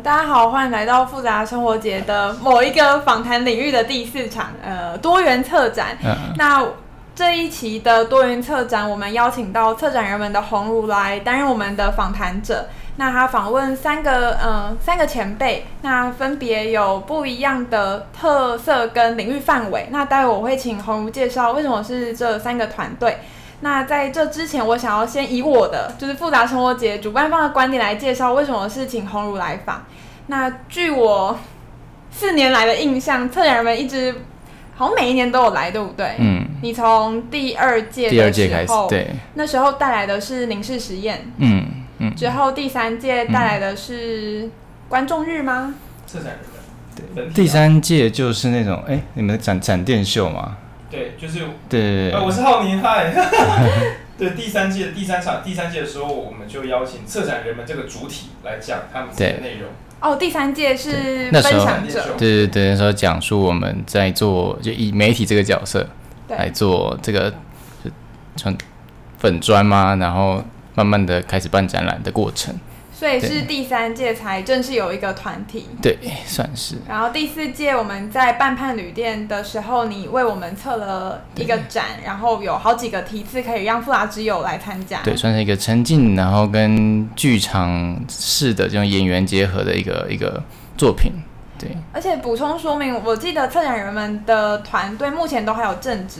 大家好，歡迎來到複雜生活節的某一個訪談領域的第四場，呃，多元策展。啊、那這一期的多元策展，我們邀請到策展人們的宏儒來擔任我們的訪談者。那他訪問三個，呃，三個前輩，那分別有不一樣的特色跟領域範圍。那待會我會請宏儒介紹為什麼是這三個團隊。那在這之前，我想要先以我的就是複雜生活節主辦方的觀點來介紹為什麼是請宏儒來訪。那據我四年來的印象，策展人們一直好像每一年都有來，對不對？嗯。你從第二屆，第二屆開始，對。那時候帶來的是凝視實驗、嗯。嗯嗯。之後第三屆帶來的是觀眾日嗎？策展日。對。第三屆就是那種哎、欸，你們的展展店秀嗎？對，就是對對、啊、我是宏儒，嗨， 對，第三屆的第三場，第三屆的時候，我們就邀請策展人們這個主體來講他們自己的內容。對哦，第三屆是分享的對，那時候對，對對，等於說講述我們在做，就以媒體這個角色對來做這個，就穿粉磚嘛，然後慢慢的開始辦展覽的過程。所以是第三屆才正式有一個團體。對，對，算是。然後第四屆我們在半畔旅店的時候，你為我們策了一個展，對，然後有好幾個梯次可以讓複雜之友來參加。對，算是一個沉浸，然後跟劇場式的這種演員結合的一個一個作品，對。而且補充說明，我記得策展人們的團隊目前都還有正職，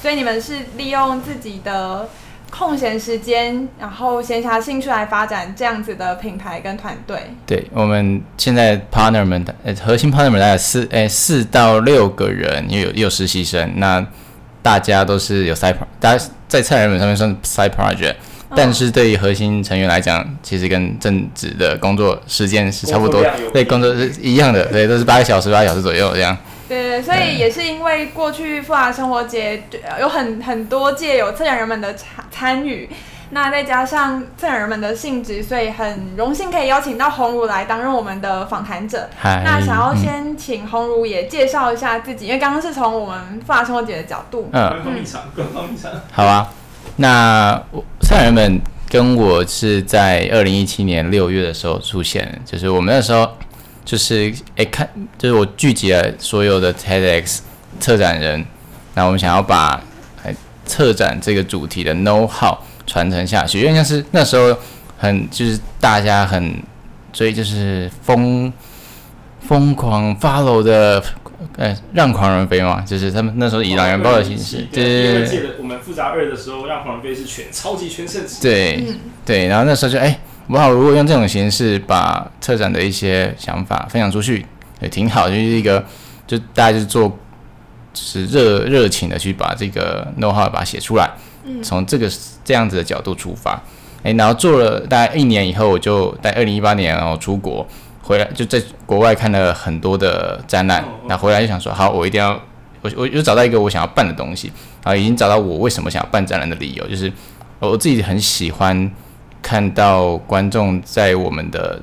所以你們是利用自己的。空閒時間，然後閒暇興趣來發展這樣子的品牌跟團隊。對，我們現在 partner 們，呃、欸，核心 partner 們大概四，哎、欸，四到六個人，也有也有實習生。那大家都是有 side，pro, 大家在菜老闆上面算是 side project，、哦、但是對於核心成員來講，其實跟正職的工作時間是差不多，對，工作是一樣的，對，都是八個小時，八個小時左右這樣。對，對，對，所以也是因為過去複雜生活節有很很多屆有策展人們的參參與，那再加上策展人們的性質，所以很榮幸可以邀請到宏儒來擔任我們的訪談者。嗨那想要先請宏儒也介紹一下自己，嗯、因為剛剛是從我們複雜生活節的角度。呃、嗯，好啊，那策展人們跟我是在二零一七年六月的時候出現，就是我們那時候。就是哎、欸，看，就是我聚集了所有的 TEDx 策展人，那我們想要把哎、欸、策展這個主題的 know how 傳承下去，因為那是那時候很就是大家很所以就是瘋瘋狂 follow 的，哎、欸、讓狂人飛嘛，就是他們那時候以懶人包的形式，對對我們複雜二的時候，讓狂人飛是全超級全盛對、嗯、對，然後那時候就哎。欸我好，我如果用這種形式把特展的一些想法分享出去也挺好，就是一個就大家就做，就是熱熱情的去把這個 know how 把它寫出來，嗯，從這個這樣子的角度出發，哎、嗯欸，然後做了大概一年以後，我就在二零一八年哦出國回來，就在國外看了很多的展覽，那、oh, okay. 回來就想說，好，我一定要我我又找到一個我想要辦的東西啊，然後已經找到我為什麼想要辦展覽的理由，就是我自己很喜歡。看到觀眾在我們的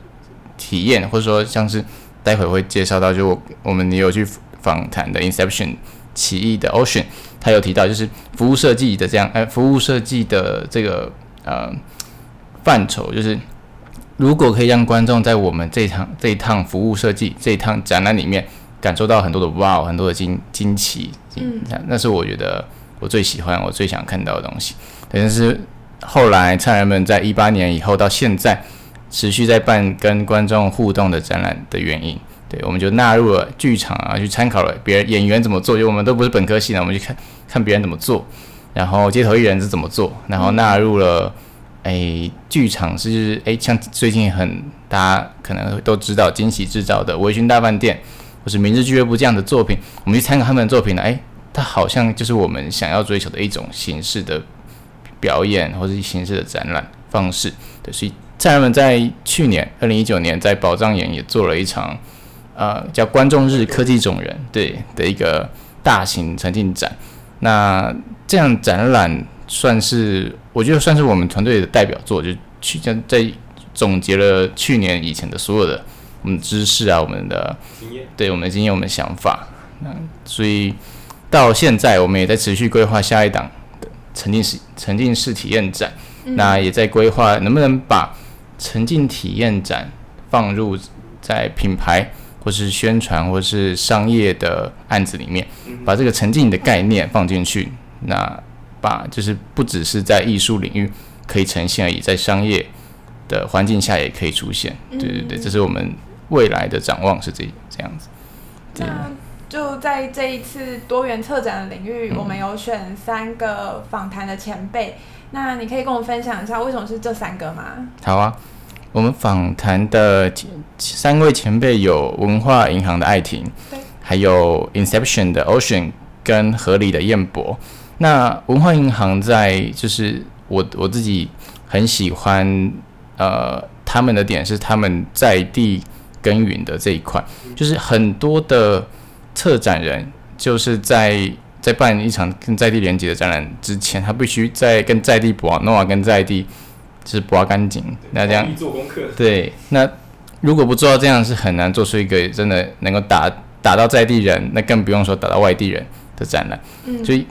體驗，或者說像是待會會介紹到，就我們你有去訪談的《Inception》奇異的 Ocean，他有提到就是服務設計的這樣，哎，服務設計的這個呃範疇，就是如果可以讓觀眾在我們這趟這一趟服務設計這一趟展覽裡面感受到很多的哇，很多的驚驚奇，嗯，那是我覺得我最喜歡我最想看到的東西，等於是。後來，燦人們在一八年以後到現在，持續在辦跟觀眾互動的展覽的原因，對，我們就納入了劇場啊，去參考了別人演員怎麼做，因為我們都不是本科系呢，我們去看看別人怎麼做，然後街頭藝人是怎麼做，然後納入了，哎，劇場是哎、就是，像最近很，大家可能都知道驚喜製造的《微醺大飯店》或是《明日俱樂部》這樣的作品，我們去參考他們的作品呢，哎，它好像就是我們想要追求的一種形式的。表演或者形式的展覽方式，對，所以他們在去年二零一九年在寶藏巖也做了一場，呃，叫觀眾日科技種人對，的一個大型沉浸展。那這樣展覽算是，我覺得算是我們團隊的代表作，就去就在總結了去年以前的所有的我們的知識啊，我們的經驗，對我們的經驗，我們的想法。所以到現在我們也在持續規劃下一檔。沉浸式沉浸式體驗展，嗯、那也在規劃能不能把沉浸體驗展放入在品牌或是宣傳或是商業的案子裡面，嗯、把這個沉浸的概念放進去，那把就是不只是在藝術領域可以呈現而已，在商業的環境下也可以出現。對對對，嗯、這是我們未來的展望是這這樣子。對嗯。就在這一次多元策展的領域，嗯、我們有選三個訪談的前輩。那你可以跟我分享一下，為什麼是這三個嗎？好啊，我們訪談的三位前輩有文化銀行的艾婷，對還有 Inception 的 Ocean 跟合理的彥博。那文化銀行在就是我我自己很喜歡呃他們的點是他們在地耕耘的這一塊，就是很多的。策展人，就是在在辦一場跟在地連結的展覽之前，他必須在跟在地補啊，諾瓦跟在地，就是補乾淨。對那這樣做功課對，那如果不做到這樣，是很難做出一個真的能夠打打到在地人，那更不用說打到外地人的展覽。嗯、所以，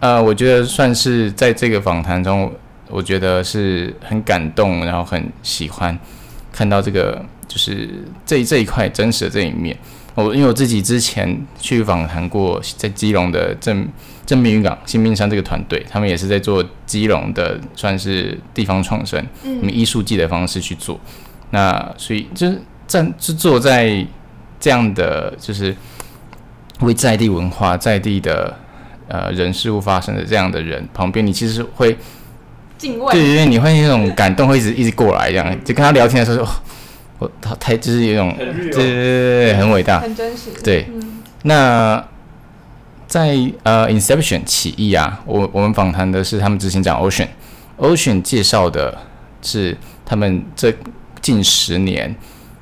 呃，我覺得算是在這個訪談中，我覺得是很感動，然後很喜歡看到這個，就是這這一塊真實的這一面。我因為我自己之前去訪談過，在基隆的正正濱漁港星濱山這個團隊，他們也是在做基隆的算是地方創生，用、嗯、藝術季的方式去做。那所以就是站，是坐在這樣的，就是為在地文化、在地的呃人事物發生的這樣的人旁邊，你其實會，對畏，因為你會那種感動會一直 一直過來，這樣就跟他聊天的時候。哦我他、哦、就是一種，對對對對對，很偉大，很真實。對，嗯、那在呃《Inception》起義啊，我我們訪談的是他們執行長 Ocean，Ocean 介紹的是他們這近十年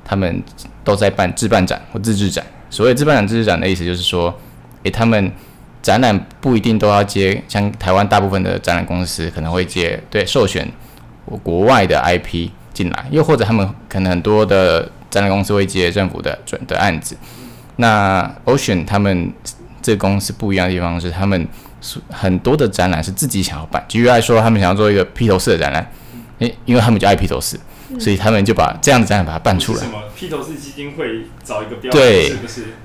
他們都在辦自辦展或自制展。所謂自辦展自制展的意思就是說，誒、欸，他們展覽不一定都要接像台灣大部分的展覽公司可能會接對授權，國外的 IP。進來，又或者他們可能很多的展覽公司會接政府的准的案子。那 Ocean 他們這公司不一樣的地方是，他們是很多的展覽是自己想要辦。舉例來說，他們想要做一個披頭士的展覽，誒，因為他們就愛披頭士，所以他們就把這樣的展覽把它辦出來。什麼披頭士基金會找一個標？對，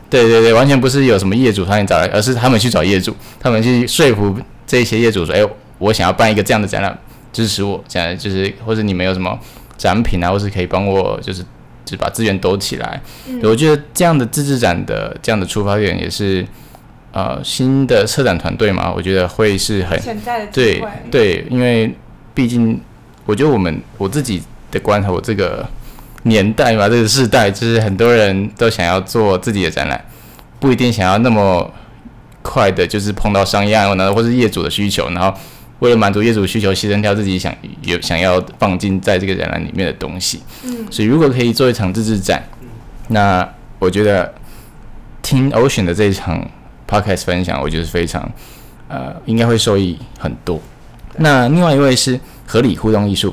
對對對，完全不是有什麼業主他給你找來，而是他們去找業主，他們去說服這些業主說，哎、欸，我想要辦一個這樣的展覽，支持我，這樣就是，或者你們有什麼？展品啊，或是可以幫我，就是，只把資源抖起來。嗯、我覺得這樣的自制展的這樣的出發點，也是，呃，新的策展團隊嘛，我覺得會是很潛在的機會，對對，因為畢竟，我覺得我們我自己的觀頭，我這個年代嘛，這個世代，就是很多人都想要做自己的展覽，不一定想要那麼快的，就是碰到商業案呢，或是業主的需求，然後。為了滿足業主需求，犧牲掉自己想有想要放進在這個展覽裡面的東西。嗯，所以如果可以做一場自製展，那我覺得聽 Ocean 的這一場 Podcast 分享，我覺得非常呃，應該會受益很多。對那另外一位是合理互動藝術，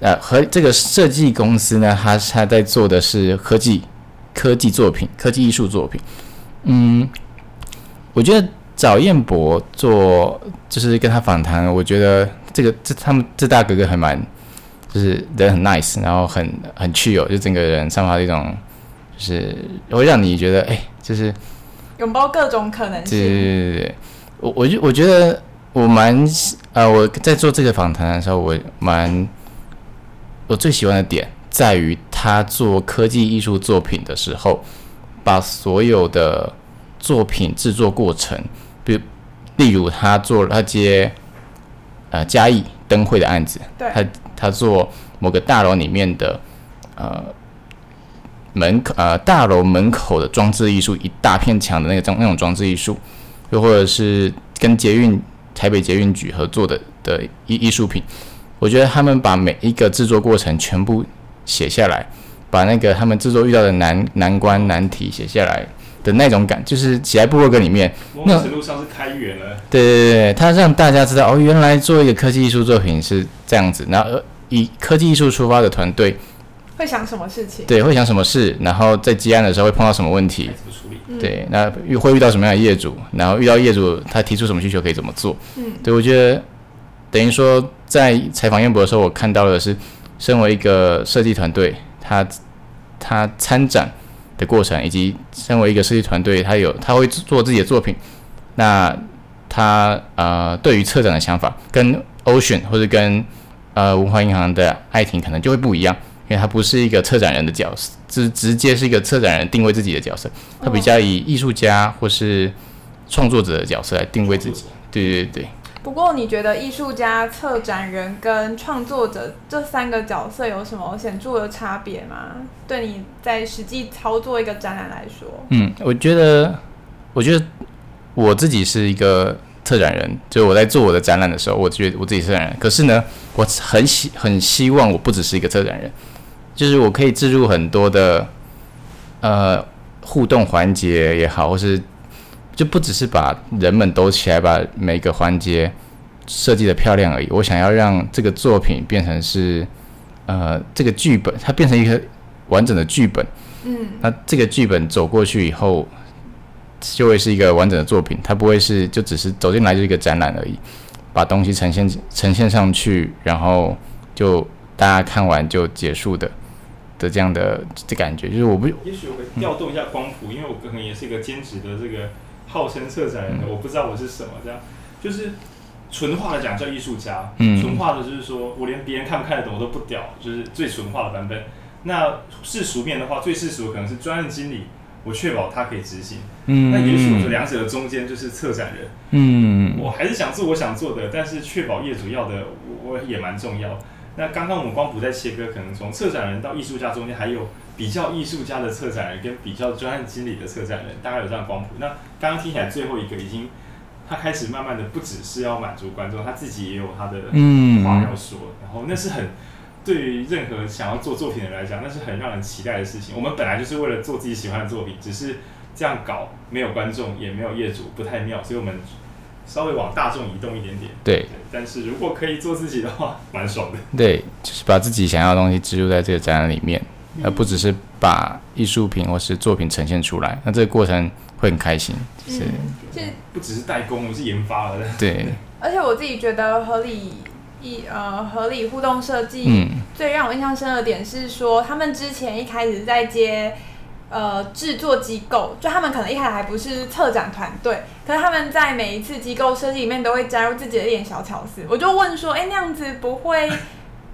呃，和這個設計公司呢，他他在做的是科技科技作品、科技藝術作品。嗯，我覺得。找彥博做，就是跟他訪談。我覺得這個這他們這大哥哥還蠻，就是人很 nice，然後很很趣哦，就整個人散發一種，就是會讓你覺得哎、欸，就是擁抱各種可能性。對對對對對，我我我覺得我蠻喜啊、呃，我在做這個訪談的時候，我蠻我最喜歡的點在於他做科技藝術作品的時候，把所有的作品制作過程。比例如他做他接呃嘉義燈會的案子，對他他做某個大樓裡面的呃門口呃大樓門口的裝置藝術，一大片牆的那個裝那種裝置藝術，又或者是跟捷運台北捷運局合作的的藝藝術品，我覺得他們把每一個制作過程全部寫下來，把那個他們制作遇到的難難關難題寫下來。的那種感，就是寫部落格裡面，那程度上是開源了。對對對他讓大家知道哦，原來做一個科技藝術作品是這樣子。那以科技藝術出發的團隊，會想什麼事情？對，會想什麼事？然後在接案的時候會碰到什麼問題？處理？對，那遇會遇到什麼樣的業主？然後遇到業主他提出什麼需求可以怎麼做？嗯，對，我覺得等於說在採訪淵博的時候，我看到的是，身為一個設計團隊，他他參展。的過程，以及身為一個設計團隊，他有他會做自己的作品。那他呃，對於策展的想法，跟 Ocean 或者，跟呃文化銀行的璦婷，可能就會不一樣，因為他不是一個策展人的角色，直直接是一個策展人定位自己的角色，他比較以藝術家或是創作者的角色來定位自己。對對對。不過，你覺得藝術家、策展人、跟創作者這三個角色有什麼顯著的差別嗎？對你在實際操作一個展覽來說，嗯，我覺得，我覺得我自己是一個策展人，就我在做我的展覽的時候，我覺得我自己是策展人。可是呢，我很希很希望我不只是一個策展人，就是我可以置入很多的，呃，互動環節也好，或是。就不只是把人們兜起來，把每個環節設計得漂亮而已。我想要讓這個作品變成是，呃，這個劇本它變成一個完整的劇本。嗯。那這個劇本走過去以後，就會是一個完整的作品，它不會是就只是走進來就是一個展覽而已，把東西呈現呈現上去，然後就大家看完就結束的的這樣的的感覺，就是我不也許我會調動一下光譜，嗯、因為我可能也是一個兼職的這個。號稱策展人，我不知道我是什麼這樣，就是純化的講叫藝術家，嗯，純化的就是說我連別人看不看得懂我都不屌，就是最純化的版本。那世俗面的話，最世俗的可能是專案經理，我確保他可以執行，嗯，那也許說兩者的中間就是策展人，嗯，我還是想做我想做的，但是確保業主要的我也蠻重要。那剛剛我們光譜在切割，可能從策展人到藝術家中間還有，比較藝術家的策展人跟比較專案經理的策展人，大概有這樣光譜。那剛剛聽起來最後一個，已經他開始慢慢的不只是要滿足觀眾，他自己也有他的嗯，話要說。然後那是很對於任何想要做作品的人來講，那是很讓人期待的事情。我們本來就是為了做自己喜歡的作品，只是這樣搞沒有觀眾也沒有業主，不太妙。所以我們稍微往大眾移動一點點。對。但是如果可以做自己的話，蠻爽的。對，就是把自己想要的東西植入在這個展覽裡面。而不只是把藝術品或是作品呈現出來，那這個過程會很開心。是嗯，這不只是代工，我是研發的。對。而且我自己覺得合理一呃合理互動設計，最讓我印象深的點是說，嗯、他們之前一開始在接呃製作機構，就他們可能一開始還不是策展團隊，可是他們在每一次機構設計裡面都會加入自己的一點小巧思。我就問說，哎、欸，那樣子不會？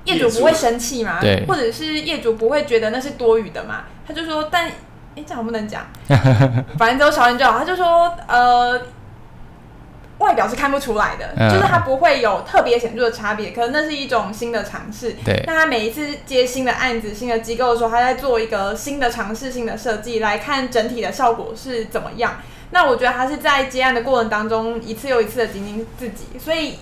業主不會生氣嘛，對或者是業主不會覺得那是多餘的嘛。他就說，但哎、欸，這樣好不能講， 反正都小心就好。他就說，呃，外表是看不出來的，呃、就是他不會有特別顯著的差別。可能那是一種新的嘗試。對，那他每一次接新的案子、新的機構的時候，他在做一個新的嘗試性的設計，來看整體的效果是怎麼樣。那我覺得他是在接案的過程當中，一次又一次的精進自己，所以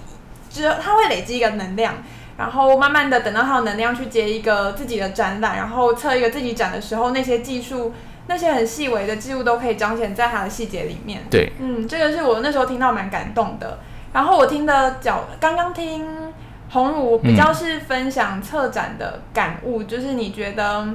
只有他會累積一個能量。然後慢慢的等到他有能量去接一個自己的展覽，然後策一個自己展的時候，那些技術、那些很細微的技術都可以彰顯在他的細節裡面。對，嗯，這個是我那時候聽到蠻感動的。然後我聽的角，剛剛聽宏儒比較是分享策展的感悟，嗯、就是你覺得。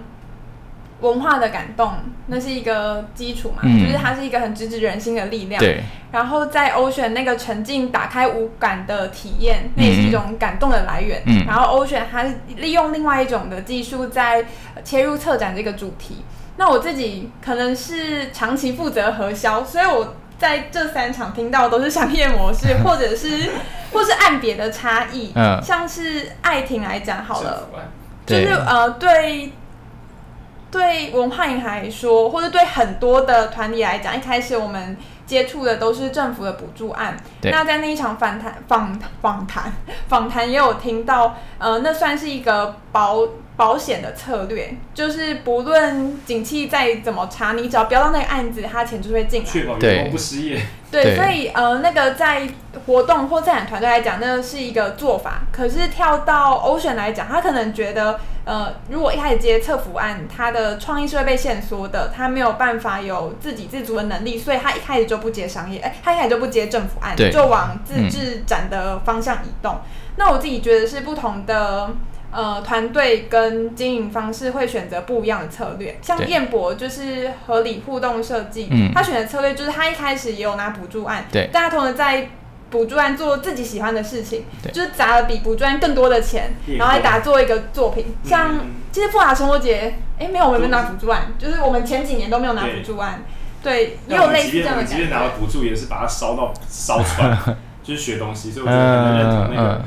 文化的感動，那是一個基礎嘛，嗯、就是它是一個很直指人心的力量。對，然後在歐選那個沉浸、打開五感的體驗，嗯、那也是一種感動的來源。嗯，然後歐選它利用另外一種的技術，在切入策展這個主題。嗯、那我自己可能是長期負責核銷，所以我在這三場聽到都是商業模式， 或者是或是按別的差異。嗯、呃，像是愛婷來講好了，就是呃對。呃對對文化銀行來說，或者對很多的團體來講，一開始我們接觸的都是政府的補助案。對那在那一場訪談訪,訪談訪訪談訪談也有聽到，呃，那算是一個保。保險的策略就是不論景氣再怎麼差，你只要標到那個案子，他的錢就會進來，確保員工不失業。對，對對所以呃，那個在活動或策展團隊來講，那是一個做法。可是跳到 ocean 來講，他可能覺得呃，如果一開始接政府案，他的創意是會被限縮的，他沒有辦法有自給自足的能力，所以他一開始就不接商業，哎、欸，他一開始就不接政府案，對就往自製展的方向移動。嗯、那我自己覺得是不同的。呃，團隊跟經營方式會選擇不一樣的策略。像彥博就是合理互動設計，他選的策略就是他一開始也有拿補助案，但他同時在補助案做自己喜歡的事情，就是砸了比補助案更多的錢，然後還打做一個作品。像其實複雜生活節，哎，沒有，我們沒拿補助案，就是我們前幾年都沒有拿補助案。對，也有類似這樣的。其實拿了補助也是把它燒到燒出來，就是學東西，所以我覺得認同那個。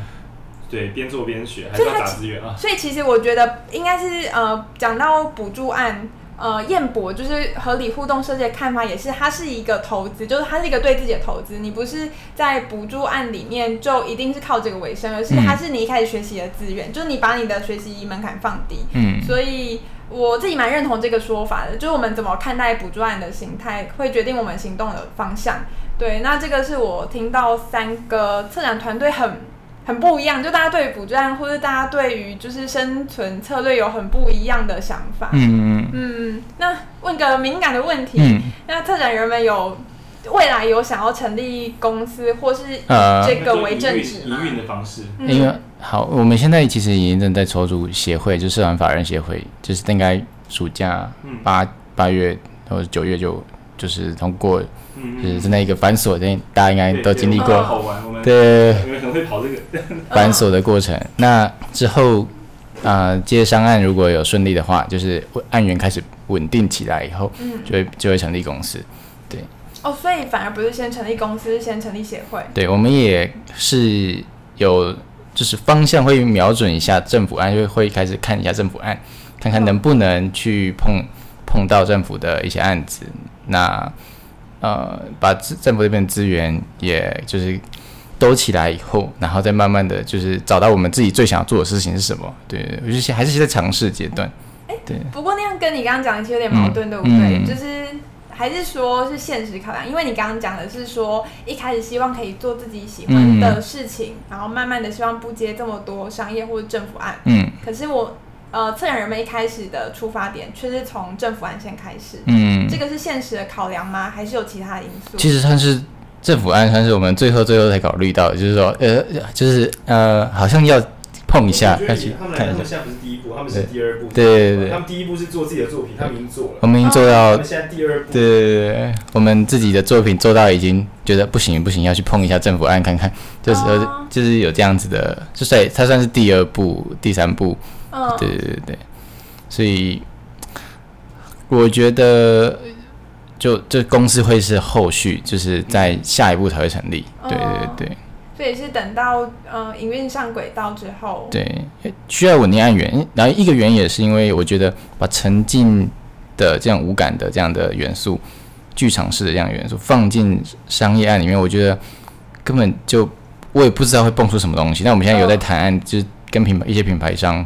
對，邊做邊學，還是要打資源啊。所以他，所以其實我覺得應該是呃，講到補助案，呃，彥博就是合理互動設計的看法也是，它，是一個投資，就是它是一個對自己的投資。你不是在補助案裡面就一定是靠這個維生，而是它是你一開始學習的資源，嗯、就是你把你的學習門檻放低。嗯，所以我自己蠻認同這個說法的，就是我們怎麼看待補助案的形態，會決定我們行動的方向。對，那這個是我聽到三個策展團隊很。很不一樣，就大家對於補賺，或者大家對於就是生存策略有很不一樣的想法。嗯嗯嗯。那問個敏感的問題，嗯、那特展人們有未來有想要成立公司，或是以這個為正職嗎？營運的方式。那個好，我們現在其實已經正在籌組協會，就社、是、團法人協會，就是應該暑假八、啊、八月或者九月就就是通過。就是那個反鎖的，大家應該都經歷過。對。很會跑這個。反鎖的過程。那之後，啊、呃，接商案如果有順利的話，就是案源開始穩定起來以後，嗯，就會就會成立公司。對。哦，所以反而不是先成立公司，是先成立協會。對，我們也是有，就是方向會瞄準一下政府案，就會開始看一下政府案，看看能不能去碰碰到政府的一些案子。那。呃，把政政府這邊資源，也就是兜起來以後，然後再慢慢的就是找到我們自己最想做的事情是什麼？對，我就是還是在嘗試階段。哎、對、欸。不過那樣跟你剛剛講的其實有點矛盾，對不對？嗯嗯嗯、就是還是說是現實考量，因為你剛剛講的是說一開始希望可以做自己喜歡的事情，嗯嗯、然後慢慢的希望不接這麼多商業或者政府案。嗯。可是我。呃，策展人們一開始的出發點，卻是從政府案先開始。嗯，這個是現實的考量嗎？還是有其他因素？其實算是政府案，算是我們最後最後才考慮到，就是說，呃，就是呃，好像要碰一下，要去看對他們來的他們現在不是第一步，他們是第二步。對他們對他們第一步是做自己的作品，對他們已經做了我們已經做到。啊、現在第二步。對我們自己的作品做到已經覺得不行不行，要去碰一下政府案看看，就是、啊、就是有這樣子的，就是他算是第二步、第三步。對對對對，所以我覺得就，就這公司會是後續，就是在下一步才會成立。嗯、對，對對對，所以是等到嗯、呃、營運上軌道之後，對，需要穩定案源。然後一個原因也是因為我覺得把沉浸的這樣無感的這樣的元素，劇場式的這樣的元素放進商業案裡面，我覺得根本就我也不知道會蹦出什麼東西。那我們現在有在談案，就是跟品牌一些品牌商。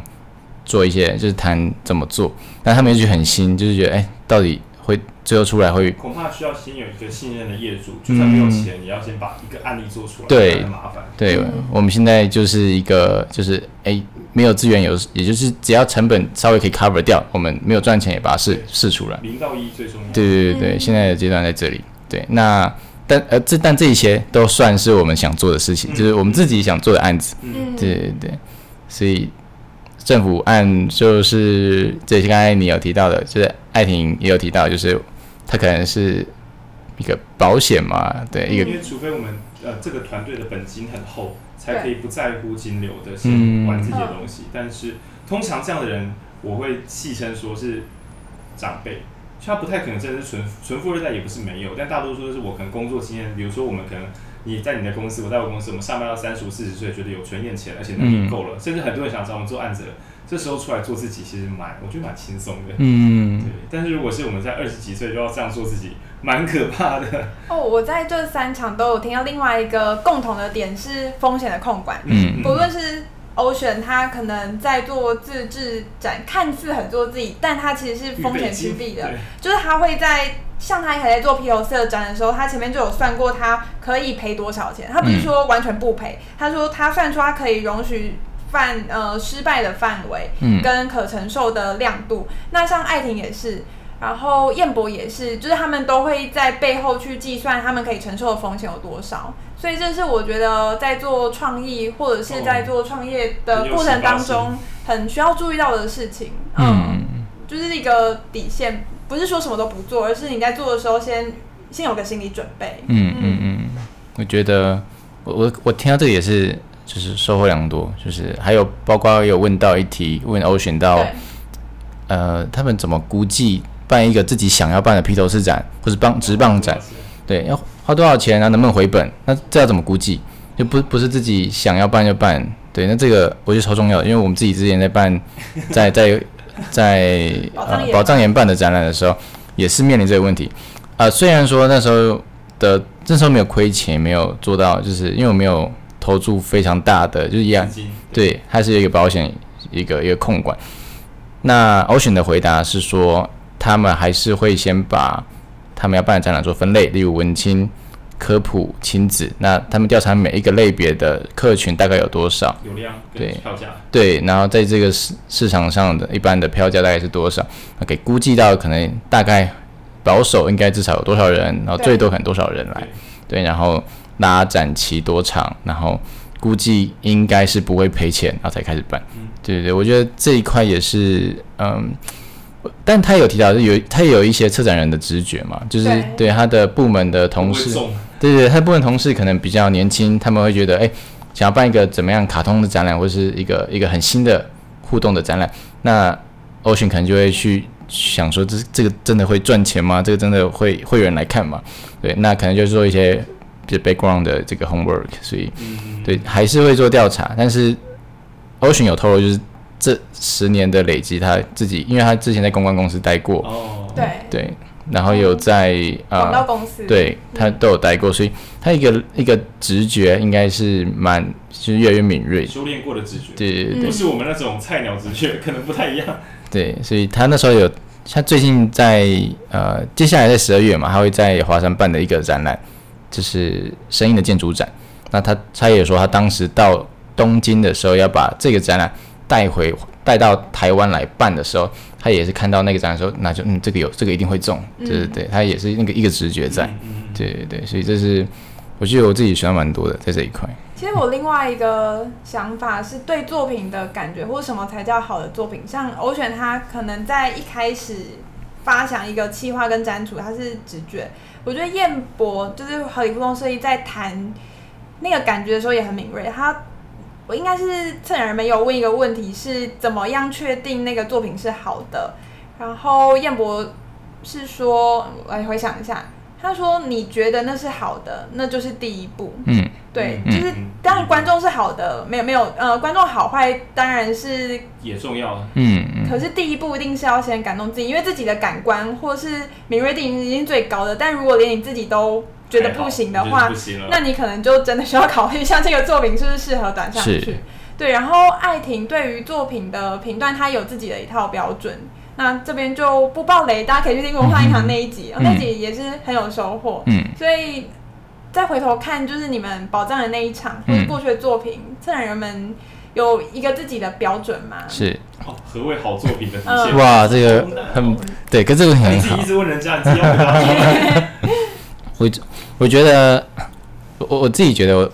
做一些就是談怎麼做，但他們也許很新，就是覺得哎、欸，到底會最後出來會？恐怕需要先有一個信任的業主，就算沒有錢，嗯、也要先把一個案例做出來。對，麻煩。對，我們現在就是一個就是哎、欸，沒有資源有，也就是只要成本稍微可以 cover 掉，我們沒有賺錢也把它試試對出來。零到一最重要。對對對對，現在的階段在這裡。對，那但呃這但這些都算是我們想做的事情，嗯、就是我們自己想做的案子。嗯，對對對，所以。政府案就是這些，剛才你有提到的，就是艾婷也有提到，就是它可能是一個保險嘛，對，一個、嗯。因為除非我們呃這個團隊的本金很厚，才可以不在乎金流的是，玩這些東西。嗯嗯、但是通常這樣的人，我會戲稱說是長輩，他不太可能真的是純純富二代，也不是沒有，但大多數都是我可能工作經驗，比如說我們可能。你在你的公司，我在我公司，我們上班到三十五、四十歲，覺得有閒有錢而且能力夠了，嗯、甚至很多人想找我們做案子。這時候出來做自己，其實蠻，我覺得蠻輕鬆的。嗯、嗯，對。但是如果是我們在二十幾歲就要這樣做自己，蠻可怕的。哦，我在這三場都有聽到另外一個共同的點是風險的控管。嗯、嗯，不論是 Ocean，他可能在做自製展，看似很做自己，但他其實是風險規避的，就是他會在。像他還在做皮尤社展的時候，他前面就有算過他可以賠多少錢。他不是說完全不賠，嗯、他說他算出他可以容許犯呃失敗的範圍，嗯、跟可承受的亮度。那像艾婷也是，然後彥博也是，就是他們都會在背後去計算他們可以承受的風險有多少。所以這是我覺得在做創意或者是在做創業的過程當中很需要注意到的事情。嗯，嗯就是一個底線。不是說什麼都不做，而是你在做的時候先先有個心理準備。嗯嗯嗯，嗯嗯嗯，我覺得我我我聽到這個也是，就是收穫良多。就是還有包括有問到一題，問 Ocean 到對呃，他們怎麼估計辦一個自己想要辦的披頭士展或是棒直棒展？對，對，要花多少錢？啊？能不能回本？對那這要怎麼估計？就不不是自己想要辦就辦。對，那這個我覺得超重要，因為我們自己之前在辦，在在。 在呃寶藏巖辦的展覽的時候，也是面臨這個問題，呃，雖然說那時候的那時候沒有虧錢，沒有做到，就是因為我沒有投注非常大的，就是一樣對，還是一個保險，一個一個控管。那 Ocean 的回答是說，他們還是會先把他們要辦的展覽做分類，例如文青。科普親子，那他們調查每一個類別的客群大概有多少？有量，對，票價對，對，然後在這個市市場上的一般的票價大概是多少？給、okay, 估計到可能大概保守應該至少有多少人，然後最多可能多少人來？對，對，對，然後拉展期多長？然後估計應該是不會賠錢，然後才開始辦。嗯、對對，我覺得這一塊也是，嗯。但他有提到有，有他也有一些策展人的直覺嘛，就是對，對他的部門的同事，對，對對，他部門同事可能比較年輕，他們會覺得，哎、欸，想要辦一個怎麼樣卡通的展覽，或者是一個一個很新的互動的展覽，那 Ocean 可能就會去想說這，這這個真的會賺錢嗎？這個真的會會有人來看嗎？對，那可能就是做一些比較 background 的這個 homework，所以嗯嗯對，還是會做調查，但是 Ocean 有透露就是。這十年的累積，他自己，因為他之前在公關公司待過，對、oh. 對，然後有在、嗯呃、廣告公司，對，他都有待過，嗯、所以他一個一個直覺應該是蠻，就是越來越敏銳，修煉過的直覺，對對對，嗯、不是我們那種菜鳥直覺，可能不太一樣。對，所以他那時候有，他最近在呃，接下來在十二月嘛，他會在華山辦的一個展覽，就是聲音的建築展。那他他也說，他當時到東京的時候要把這個展覽。帶回帶到台灣來辦的時候，他也是看到那個展的時候，那就嗯，這個有這個一定會中，對、就、對、是、對，他也是那個一個直覺在，嗯、對對對，所以這是我覺得我自己喜歡蠻多的在這一塊。其實我另外一個想法是對作品的感覺或者什麼才叫好的作品，像 Ocean 他可能在一開始發想一個企劃跟展出，他是直覺。我覺得彥博就是和李富龍設計在談那個感覺的時候也很敏銳，他。我應該是趁人，沒有問一個問題是怎麼樣確定那個作品是好的。然後彥博是說，我、欸、回想一下，他說你覺得那是好的，那就是第一步。嗯，對，嗯、就是、嗯、當然觀眾是好的，嗯、沒有沒有，呃，觀眾好壞當然是也重要的。嗯嗯。可是第一步一定是要先感動自己，因為自己的感官或是敏銳度已經最高的，但如果連你自己都。覺得不行的話，那你可能就真的需要考慮一下這個作品是不是適合轉上去。是對，然後艾婷對於作品的評斷，她有自己的一套標準。那這邊就不爆雷，大家可以去聽文化銀行那一集，嗯哦、那一集也是很有收穫。嗯，所以再回頭看，就是你們寶藏的那一場，嗯、或是過去的作品，策展人們有一個自己的標準嘛。是，哦、何謂好作品的體？呃、哇，這個很、哦、對，跟這個很好。你一直一直問人家，你用 我我覺得，我我自己覺得我，我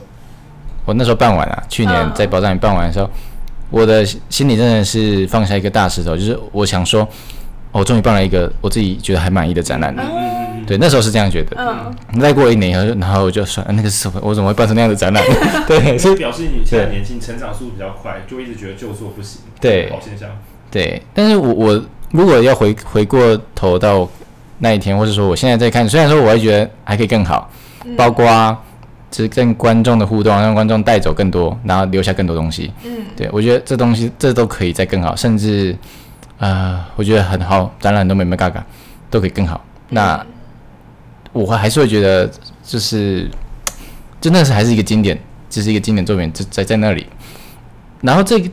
我那時候辦完啊，去年在寶藏巖辦完的時候，oh. 我的心裡真的是放下一個大石頭，就是我想說，我終於辦了一個我自己覺得還滿意的展覽。Oh. 對，那時候是這樣覺得。嗯。Oh. 再過一年以後，然後我就說，啊、那個是什麼？我怎麼會辦成那樣的展覽？ 對，所以 對表示你現在年輕，成長速度比較快，就一直覺得舊作不行。對。好現象。對，但是我我如果要回回過頭到。那一天，或是說我現在在看，雖然說我會覺得還可以更好，嗯、包括啊，跟觀眾的互動，讓觀眾帶走更多，然後留下更多東西。嗯，對我覺得這東西這都可以再更好，甚至啊、呃，我覺得很好，展覽都眉眉角角都可以更好。那我會還是會覺得、就是，就是真的是還是一個經典，這是一個經典作品，就在在那裡。然後這個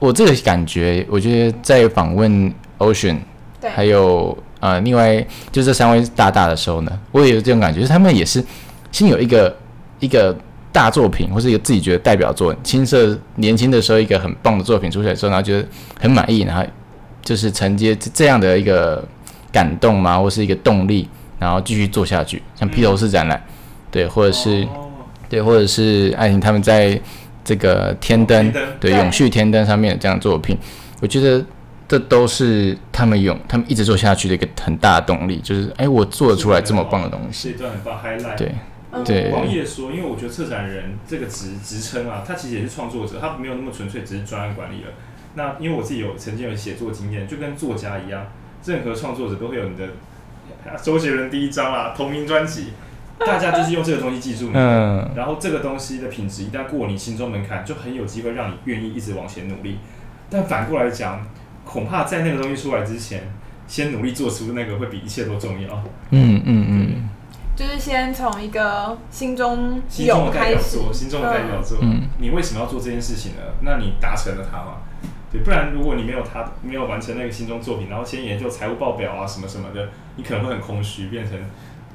我這個感覺，我覺得在訪問 Ocean，對還有，呃，另外就是這三位大大的時候呢，我也有這種感覺，就是他們也是先有一個一個大作品，或是一個自己覺得代表作，青澀年輕的時候一個很棒的作品出來之後，然後覺得很滿意，然後就是承接這這樣的一個感動嘛，或是一個動力，然後繼續做下去，像披頭士展覽，嗯、對，或者是對，或者是愛情，他們在這個天燈，對，永續天燈上面的這樣的作品，我覺得。這都是他們用他們一直做下去的一個很大的動力，就是哎，我做得出來這麼棒的東西，這一段很棒，highlight，對對。王野說，因為我覺得策展人這個職職稱啊，他其實也是創作者，他沒有那麼純粹，只是專案管理了。那因為我自己有曾經有寫作經驗，就跟作家一樣，任何創作者都會有你的《周杰倫第一張》啊，同名專輯，大家就是用這個東西記住你。嗯。然後這個東西的品質一旦過你心中門檻，就很有機會讓你願意一直往前努力。但反過來講。恐怕在那個東西出來之前，先努力做出那個會比一切都重要。嗯嗯嗯，嗯對就是先從一個心中開始，心中的代表作，心中的代表作，嗯、你為什麼要做這件事情呢？那你達成了它嘛？對，不然如果你沒有它，沒有完成那個心中作品，然後先研究財務報表啊什麼什麼的，你可能會很空虛，變成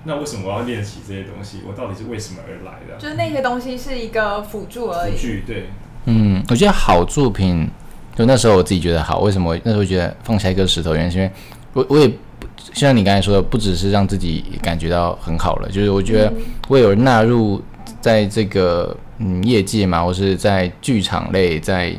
那為什麼我要練習這些東西？我到底是為什麼而來的？就是那些東西是一個輔助而已。輔助，對，嗯，我覺得好作品。就那時候，我自己覺得好，為什麼我那時候我覺得放下一個石頭？原因是因為我，我也不，像你剛才說的，不只是讓自己感覺到很好了，就是我覺得我也有納入在這個嗯業界嘛，或是在劇場類，在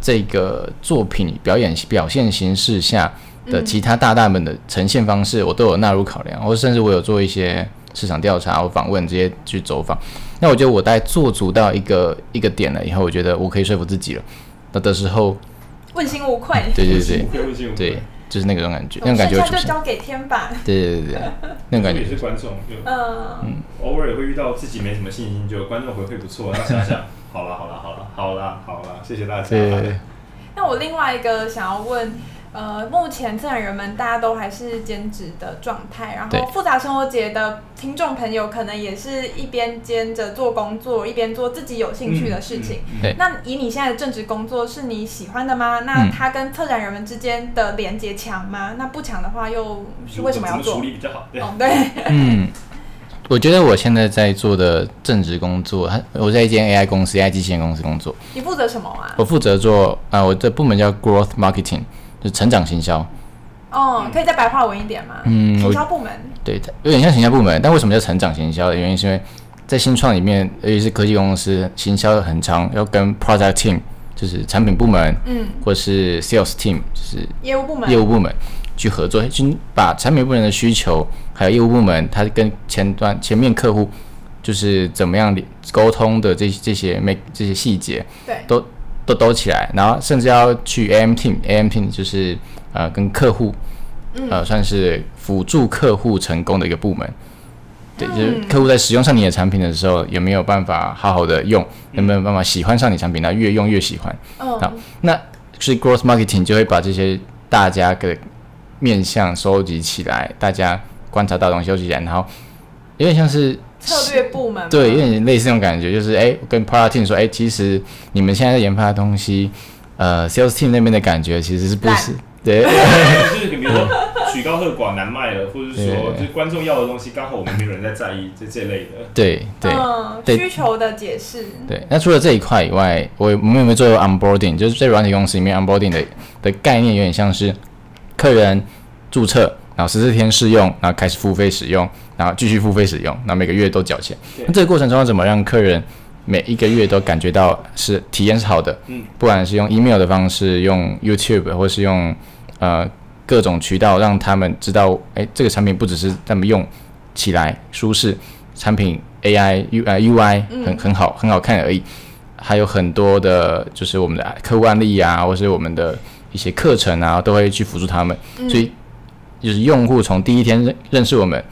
這個作品表演表現形式下的其他大大們的呈現方式，嗯、我都有納入考量，我甚至我有做一些市場調查，訪問直接去走訪。那我覺得我大概做足到一個一個點了以後，我覺得我可以說服自己了。那的時候，問心無愧，對對對，對,對，就是那種感覺，喔、那種感覺就。現在就交給天吧。對對對對， 那種感覺也是觀眾。嗯嗯，呃、偶爾會遇到自己沒什麼信心就，就觀眾回饋不錯，那想想，好了好了好了好了好了，謝謝大家。對對對。那我另外一個想要問。呃，目前策展人們大家都還是兼職的狀態，然後複雜生活節的聽眾朋友可能也是一邊兼着做工作，一邊做自己有興趣的事情。嗯嗯、那以你現在的正職工作是你喜歡的嗎？那他跟策展人們之間的連接強嗎？那不強的話，又是為什麼要做？哦，對，嗯，對嗯，我覺得我現在在做的正職工作，我我在一間 AI 公司，AI 機器人公司工作，你負責什麼啊？我負責做啊、呃，我的部門叫 Growth Marketing。就成長行銷，哦，oh, 可以再白話文一點嗎？嗯，行銷部門，對，有點像行銷部門，但為什麼叫成長行銷的原因，是因為在新創裡面，尤其是科技公司，行銷很長，要跟 project team，就是產品部門，嗯，或是 sales team，就是業務部門，業務部門去合作，去把產品部門的需求，還有業務部門他跟前端、前面客戶，就是怎麼樣溝通的這些這些沒這些細節，對，都。都起來，然後甚至要去 AM Team，AM Team 就是呃跟客戶、嗯、呃算是輔助客戶成功的一個部門，嗯、對，就是客戶在使用上你的產品的時候有沒有辦法好好的用，有沒有辦法喜歡上你產品，然後越用越喜歡。好、哦，那所以 Growth Marketing 就會把這些大家的面向收集起來，大家觀察到東西收集起來，然後有點像是。策略部門。對，有點類似那種感覺，就是哎，欸、我跟 product team 說，哎、欸，其實你們現在在研發的東西，呃，sales team 那邊的感覺其實是不是？懶對，就是比如說曲高和寡難賣了，或者說就觀眾要的東西剛好我們沒有人在在意，這這類的，對對。需求的解釋。對，那除了這一塊以外，我我們有沒有做過 onboarding？就是在軟體公司裡面 onboarding 的的概念有點像是，客人註冊。然後十四天試用，然後開始付費使用，然後繼續付費使用，那每個月都繳錢。對那這個過程中要怎麼讓客人每一個月都感覺到是體驗是好的？嗯，不管是用 email 的方式，用 YouTube，或是用呃各種渠道，讓他們知道，哎，這個產品不只是他們用起來舒適，產品 AI U I U I 很很好很好看而已，還有很多的，就是我們的客戶案例啊，或是我們的一些課程啊，都會去輔助他們，嗯、所以。就是用戶從第一天認認識我們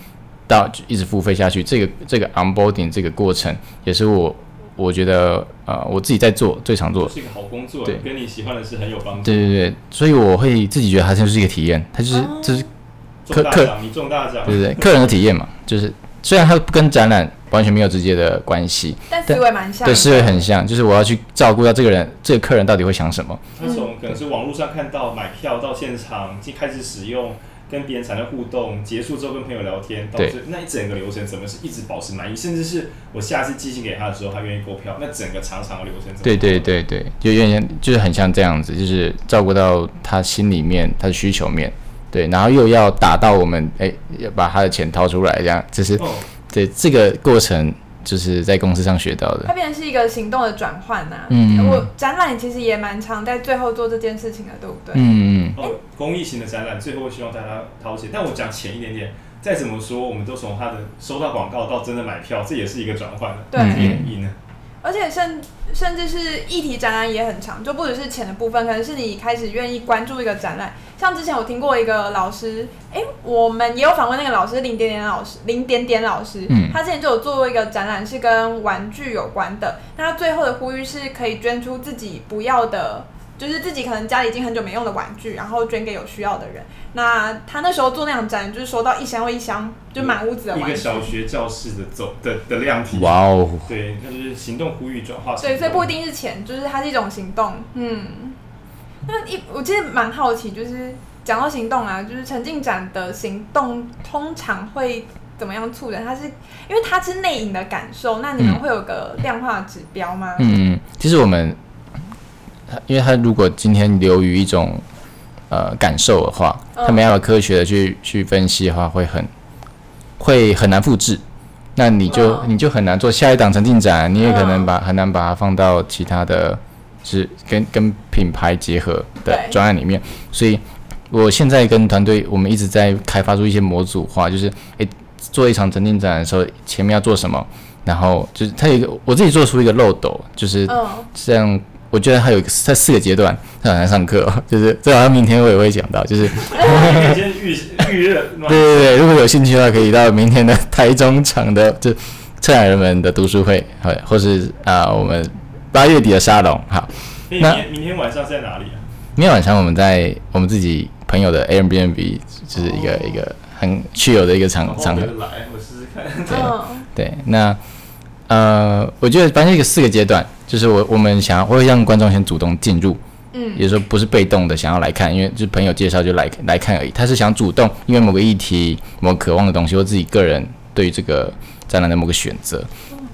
到一直付費下去，這個這個 onboarding 這個過程也是我我覺得啊、呃、我自己在做最常做的。是一個好工作，對，跟你喜歡的是很有幫助。對對對，所以我會自己覺得它就是一個體驗，它就是、嗯、就是客客，你中大獎，對對對，客人的體驗嘛，就是雖然它跟展覽完全沒有直接的關係， 但思維蠻像，對思維很像，就是我要去照顧到這個人這個客人到底會想什麼。他從、嗯、可能是網絡上看到買票到現場就開始使用。跟別人才能互動，結束之後跟朋友聊天，對，那一整個流程怎麼是一直保持滿意？甚至是我下次寄信給他的時候，他願意購票，那整個長長的流程，對對對對，就願意就是很像這樣子，就是照顧到他心裡面他的需求面，對，然後又要打到我們哎、欸，把他的錢掏出來這樣，這是對這個過程。就是在公司上學到的，它變成是一個行動的轉換吶。嗯，我展覽其實也蠻常在最後做這件事情的，對不對？嗯哦，公益型的展覽最後希望大家掏錢，但我講淺一點點。再怎麼說，我們都從他的收到廣告到真的買票，這也是一個轉換。對。呢、嗯嗯。而且甚，甚甚至是議題展覽也很長，就不只是錢的部分，可能是你開始願意關注一個展覽。像之前我聽過一個老師，哎、欸，我們也有訪問那個老師林點點老師，林點點老師，他之前就有做過一個展覽是跟玩具有關的，那他最後的呼籲是可以捐出自己不要的。就是自己可能家裡已經很久沒用的玩具，然後捐給有需要的人。那他那時候做那樣展，就是收到一箱又一箱，就滿屋子的玩具。一個小學教室的走的的量體。哇哦！對，就是行動呼籲轉化。對，所以不一定是錢，就是它是一種行動。嗯，那一我其實蠻好奇，就是講到行動啊，就是沉浸展的行動通常會怎麼樣促的它，是因為他是內隱的感受，那你們會有個量化指標嗎？嗯，嗯，其實我們。因為他如果今天流於一種呃感受的話，oh. 他沒有科學的去去分析的話，會很會很難複製。那你就、oh. 你就很難做下一檔沉浸展，oh. 你也可能把、oh. 很難把它放到其他的，就是跟跟品牌結合的專案裡面。Okay. 所以，我現在跟團隊我們一直在開發出一些模組化，就是誒、欸、做一場沉浸展的時候，前面要做什麼，然後就是它有一個我自己做出一個漏斗，就是這樣。Oh. 我覺得還有一個在四個階段在台上上課、哦，就是這好像明天我也會講到，就是 預預熱。 對對對，如果有興趣的話，可以到明天的台中場的，就策展人們的讀書會，好，或是啊我們八月底的沙龍，好。明那明天晚上在哪裡啊？明天晚上我們在我們自己朋友的 Airbnb 就是一個、oh. 一個很 chill 的一個場、oh. 場合。來，oh. 我試試看。對、oh. 對，那。呃，我覺得反正有四個階段，就是我我們想要我會讓觀眾先主動進入，嗯，也就是不是被動的想要來看，因為就是朋友介紹就來來看而已，他是想主動，因為某個議題、某個渴望的東西或自己個人對於這個展覽的某個選擇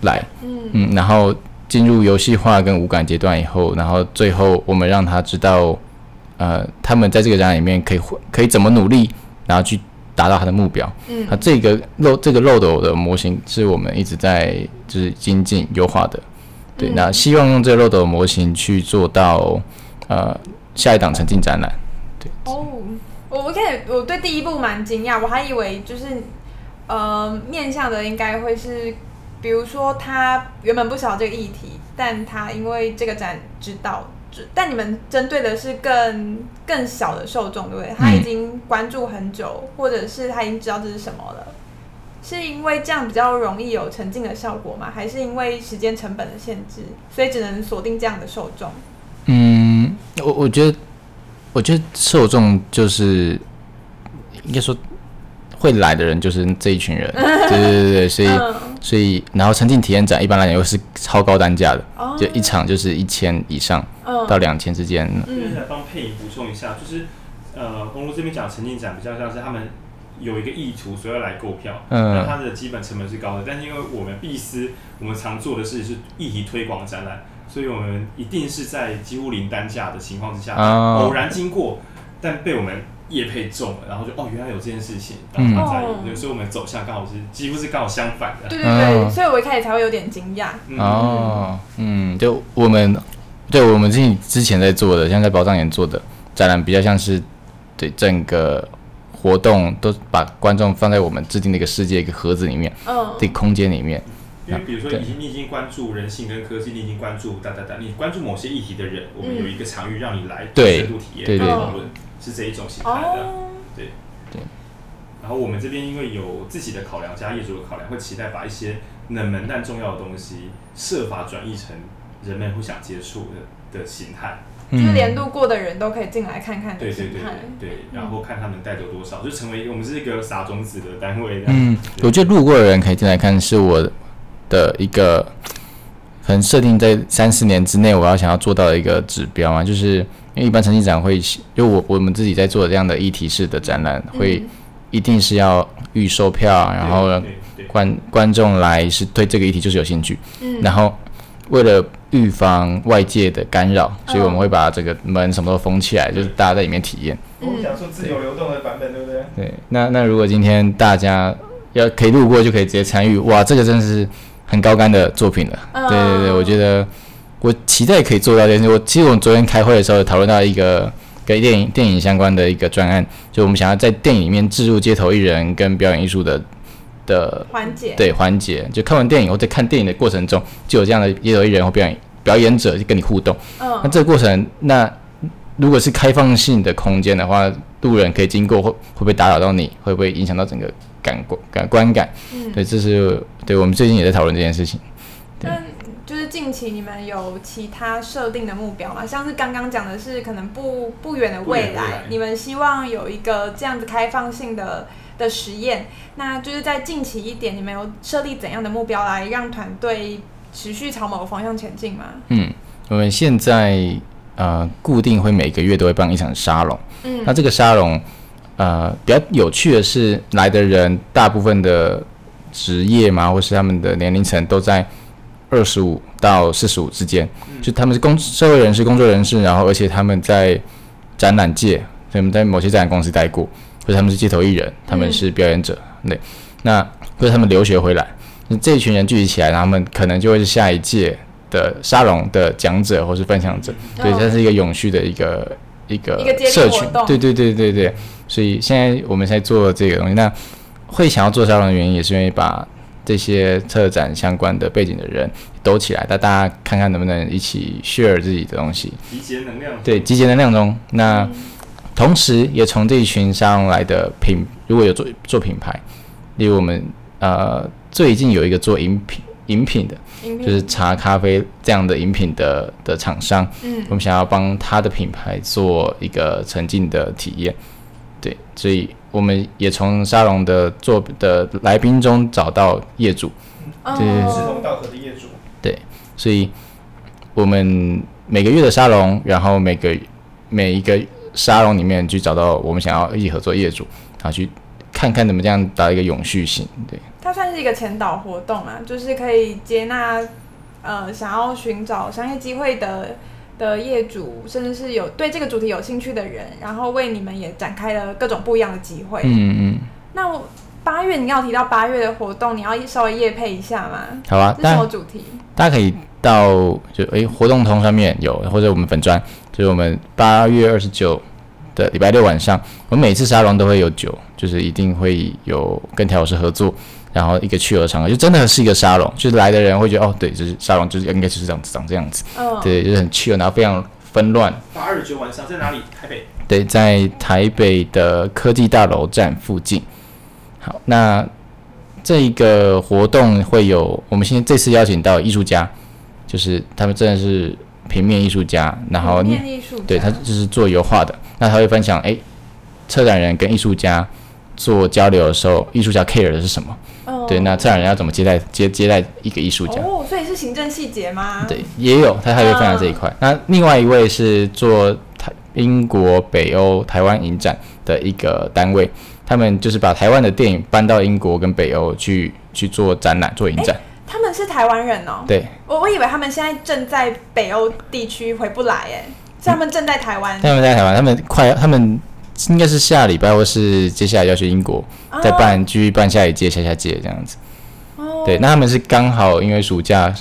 來，嗯，然後進入遊戲化跟五感階段以後，然後最後我們讓他知道，呃，他們在這個展覽裡面可以會可以怎麼努力，然後去。達到他的目標，嗯，那這個漏這個漏斗的模型是我們一直在就是精進優化的，對，嗯、那希望用這個漏斗模型去做到，呃，下一檔沉浸展覽，對。哦，我我開始，我對第一步蠻驚訝，我還以為就是呃面向的應該會是，比如說他原本不曉得這個議題，但他因為這個展知道了。但你們針對的是更更小的受眾，對不對？他已經關注很久，或者是他已經知道這是什麼了，是因為這樣比較容易有沉浸的效果嗎？還是因為時間成本的限制，所以只能鎖定這樣的受眾？嗯，我我覺得，我覺得受眾就是應該說會來的人就是這一群人，對對對對，所以。嗯所以，然後沉浸體驗展一般來講又是超高單價的，就一場就是一千以上到兩千之間。嗯，來幫沛穎補充一下，就是呃，宏儒這邊講沉浸展比較像是他們有一個意圖，所以要來購票。嗯，那它的基本成本是高的，但是因為我們畢斯我們常做的事是議題推廣展覽，所以我們一定是在幾乎零單價的情況之下，偶然經過，嗯、但被我們。業配中了，然後就哦，原來有這件事情，然後所以我們走向剛好是幾乎是剛好相反的。對對對，所以我一開始才會有點驚訝。哦，嗯，就我們，對我們自己之前在做的，像在寶藏巖做的展覽，比較像是對整個活動都把觀眾放在我們制定的一個世界一個盒子裡面，嗯，空間裡面。比如說，你你已經關注人性跟科技，你已經關注噠噠噠，你關注某些議題的人，我們有一個場域讓你來深度體驗、是這一種形態的，oh. 對對。然後我們這邊因為有自己的考量加業主的考量，會期待把一些冷門但重要的東西，設法轉譯成人們不想接觸的的形態、嗯，就連路過的人都可以進來看看，對對對對，然後看他們帶走多少，就成為我們是一個撒種子的單位。嗯，我覺得路過的人可以進來看是我的一個。很設定在三四年之內，我要想要做到的一個指標嘛，就是因為一般成績展會，就我我們自己在做這樣的議題式的展覽，嗯、會一定是要預售票，嗯、然後對對對對觀觀眾來是對這個議題就是有興趣，嗯、然後為了預防外界的干擾，嗯、所以我們會把這個門什麼都封起來，對就是大家在裡面體驗，我們想說自由流動的版本，對不對？對，嗯、對。那那如果今天大家要可以路過就可以直接參與，哇，這個真的是。很高幹的作品了，哦、對對對，我覺得我期待可以做到這件事。我其實我們昨天開會的時候討論到一個跟電影電影相關的一個專案，就我們想要在電影裡面置入街頭藝人跟表演藝術的的環節，解對環節，就看完電影以後，在看電影的過程中就有這樣的街頭藝人或表演表演者就跟你互動。哦、那這個過程，那如果是開放性的空間的話，路人可以經過會會不會打擾到你，會不會影響到整個感官感觀感？嗯、對，這是。對，我們最近也在討論這件事情。但就是近期你們有其他設定的目標嗎？像是剛剛講的是可能不不遠的未來，未來你們希望有一個這樣子開放性的的實驗。那就是在近期一點，你們有設立怎樣的目標來讓團隊持續朝某個方向前進嗎？嗯，我們現在呃固定會每個月都會辦一場沙龍。嗯，那這個沙龍呃比較有趣的是，來的人大部分的。職業嘛，或是他們的年齡層都在二十五到四十五之間，嗯、就他們是工社會人士、工作人士，然後而且他們在展覽界，所以我們在某些展覽公司待過，或者他們是街頭藝人，他們是表演者，嗯、對，那那或者他們留學回來，那這一群人聚集起來，他們可能就會是下一屆的沙龍的講者或是分享者，哦、對，他是一個永續的一個一個社群，對對，對對對對對，所以現在我們在做這個東西，那。會想要做沙龍的原因，也是願意把這些策展相關的背景的人兜起來，帶大家看看能不能一起 share 自己的東西，集結能量。對，集結能量中，那、嗯、同時也從這一群沙龍來的品，如果有做做品牌，例如我們呃最近有一個做飲品飲品的，品就是茶咖啡這樣的飲品的的廠商，嗯，我們想要幫他的品牌做一個沉浸的體驗，對，所以。我們也從沙龍的做的來賓中找到業主，嗯、對，志同道合的業主，對，所以我們每個月的沙龍，然後每個每一個沙龍裡面去找到我們想要一起合作業主，然後去看看怎麼這樣達到一個永續性，對。它算是一個前導活動啊，就是可以接納呃想要尋找商業機會的。的業主，甚至是有對這個主題有興趣的人，然後為你們也展開了各種不一樣的機會。嗯嗯。嗯，那我八月你要提到八月的活動，你要稍微業配一下嗎？好啊，這是什麼主題大？大家可以到就，誒，活動通上面有，或者我們粉專，就是我們八月二十九的禮拜六晚上，我們每次沙龍都會有酒，就是一定會有跟調酒師合作。然後一個 chill 的場合，就真的是一個沙龍，就是來的人會覺得哦，對，就是沙龍，就是應該就是長長這樣子，oh. 對，就是很 chill，然後非常紛亂。八二九晚上在哪裡？台北。對，在台北的科技大樓站附近。好，那這個活動會有，我們現在這次邀請到藝術家，就是他們真的是平面藝術家，然後對他就是做油畫的，那他會分享哎，策展人跟藝術家。做交流的時候，藝術家 care 的是什麼？哦、對，那策展人要怎麼接待接接待一個藝術家？哦，所以是行政細節嗎？對，也有，他還會分享這一塊。嗯、那另外一位是做台英國北歐台灣影展的一個單位，他們就是把台灣的電影搬到英國跟北歐去去做展覽、做影展、欸。他們是台灣人哦。對，我我以為他們現在正在北歐地區回不來耶，是他們正在台灣。嗯、他們在台灣，他們快，他們。應該是下禮拜，或是接下來要去英國、oh. 再辦，繼續辦下一屆、下下屆這樣子。Oh. 對，那他們是剛好因為暑假，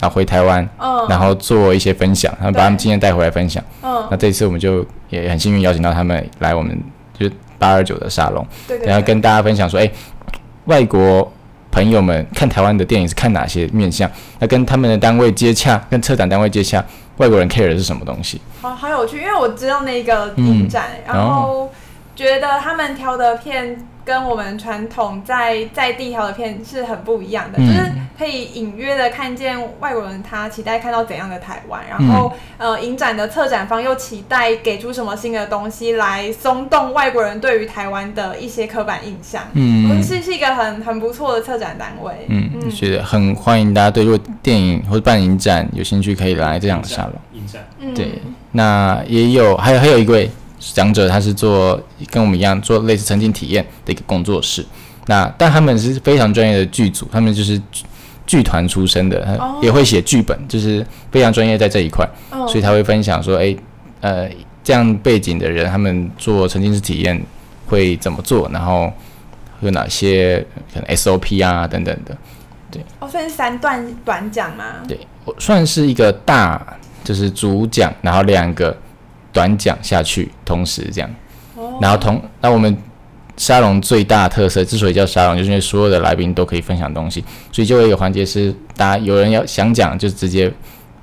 然後回台灣，oh. 然後做一些分享，然後把他們經驗帶回來分享。Oh. 那這一次我們就也很幸運邀請到他們來，我們就是八二九的沙龍，oh. 然後跟大家分享說：哎、oh. 欸，外國朋友們看台灣的電影是看哪些面向？那跟他們的單位接洽，跟策展單位接洽。外國人 care 的是什麼東西？好，好有趣，因為我知道那個影展，嗯、然後覺得他們挑的片，跟我們傳統在在地條的片是很不一樣的，嗯、就是可以隱約的看見外國人他期待看到怎樣的台灣，然後、嗯、呃影展的策展方又期待給出什麼新的東西來鬆動外國人對於台灣的一些刻板印象，嗯，是是一個很很不錯的策展單位，嗯，嗯我覺得很歡迎大家對如果電影或者辦影展有興趣可以來這樣的沙龍，影展，對，那也有還有還有一位。講者他是做跟我們一樣做類似沉浸體驗的一個工作室，那但他們是非常專業的劇組，他們就是劇劇團出身的，他也會寫劇本，oh. 就是非常專業在這一塊，oh. 所以他會分享說，哎，呃，這樣背景的人他們做沉浸式體驗會怎麼做，然後有哪些可能 SOP 啊等等的，對，哦，oh, 算是三段短講嗎？對，我算是一個大就是主講，然後兩個。短講下去，同時這樣，oh. 然後同那我們沙龍最大特色，之所以叫沙龍，就是因為所有的來賓都可以分享東西。所以就有一個環節是，大家有人要想講，就直接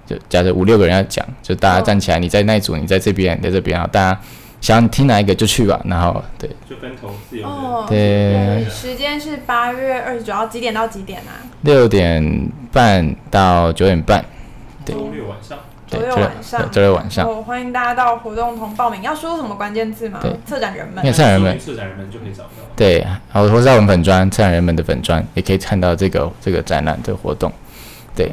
就假設五六個人要講，就大家站起來，oh. 你在那一組，你在這邊，在這邊啊，大家想聽哪一個就去吧。然後對，就分頭自由對。嗯，時間是八月二十九號，幾點到幾點啊？六點半到九點半對。周六晚上。Oh. 周六晚上，周六晚上我，歡迎大家到活動同報名。要說什麼關鍵字嗎？策對展人們，策展，對展人們就可以找到了。對，人們，或者用粉專，策展人們的粉專也可以看到這個這個展覽的活動。對，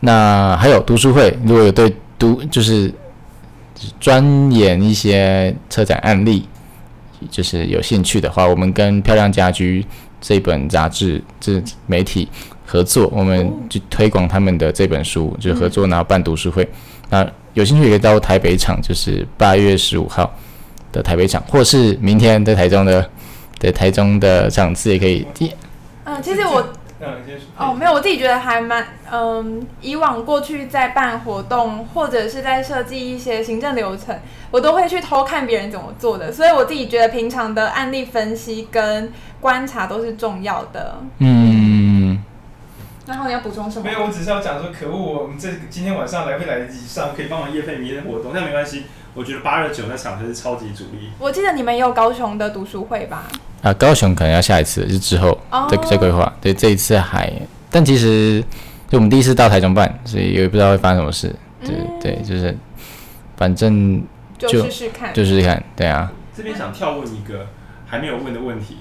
那還有讀書會，如果有對讀就是專研一些策展案例，就是有興趣的話，我們跟《漂亮家居》這本雜誌這媒體合作，我們就推廣他們的這本書，就合作、嗯、然後辦讀書會。那有興趣也可以到台北場，就是八月十五號的台北場，或是明天在台中的，在台中的場次也可以、yeah、嗯，其實我，嗯，哦，沒有，我自己覺得還蠻，嗯，以往過去在辦活動或者是在設計一些行政流程，我都會去偷看別人怎麼做的，所以我自己覺得平常的案例分析跟觀察都是重要的。嗯。然後你要補充什麼？沒有，我只是要講說，可惡，我們這今天晚上來，不來得及上，可以幫忙夜費迷的，我等下沒關係。我覺得八二九那場才是超級主力。我記得你們也有高雄的讀書會吧？啊，高雄可能要下一次，是之後再再、oh. 規劃。對，這一次還，但其實就我們第一次到台中辦，所以也不知道會發生什麼事。對、嗯、對，就是反正就，就試試看，就試試看，對啊。這邊想跳問一個還沒有問的問題，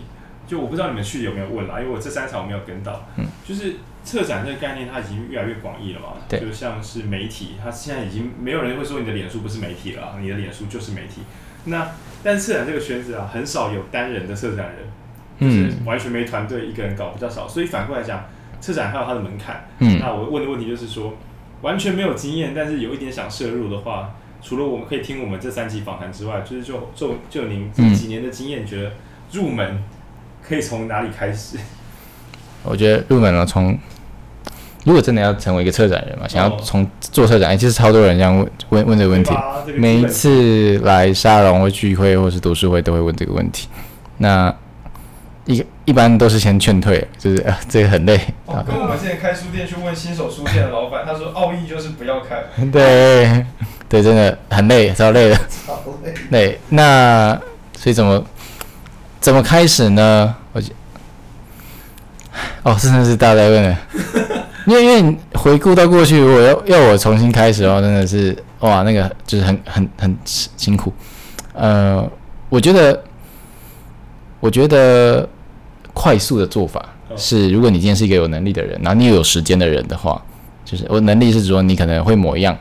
就我不知道你們去有沒有問啦，因為我這三場我沒有跟到，嗯，就是。策展這個概念，它已經越來越廣義了嘛？對就像是媒體，它現在已經沒有人會說你的臉書不是媒體了，你的臉書就是媒體。那但是策展這個圈子啊，很少有單人的策展人，就是完全沒團隊，一個人搞比較少。嗯、所以反過來講，策展還有它的門檻。嗯、那我問的問題就是說，完全沒有經驗，但是有一點想涉入的話，除了我們可以聽我們這三期訪談之外，就是就就就您這幾年的經驗，覺得入門可以從哪裡開始？我覺得入門啊，從如果真的要成為一個策展人嘛，想要從做策展，欸，其實超多人這樣問問問這個問題，每一次來沙龍或聚會或是讀書會都會問這個問題。那一一般都是先勸退，就是、呃、這個很累。哦、閉跟我們現在開書店去問新手書店的老闆， 他說奧義就是不要開。對， 對，真的很累，超累的。累的。那所以怎麼 怎麼開始呢？我哦，真的是大家在問的。 因為因為你回顧到過去，我要要我重新開始的話，真的是哇，那個就是很很很辛苦。呃，我覺得我覺得快速的做法是，如果你今天是一個有能力的人，然後你又有時間的人的話，就是我能力是說你可能會某一樣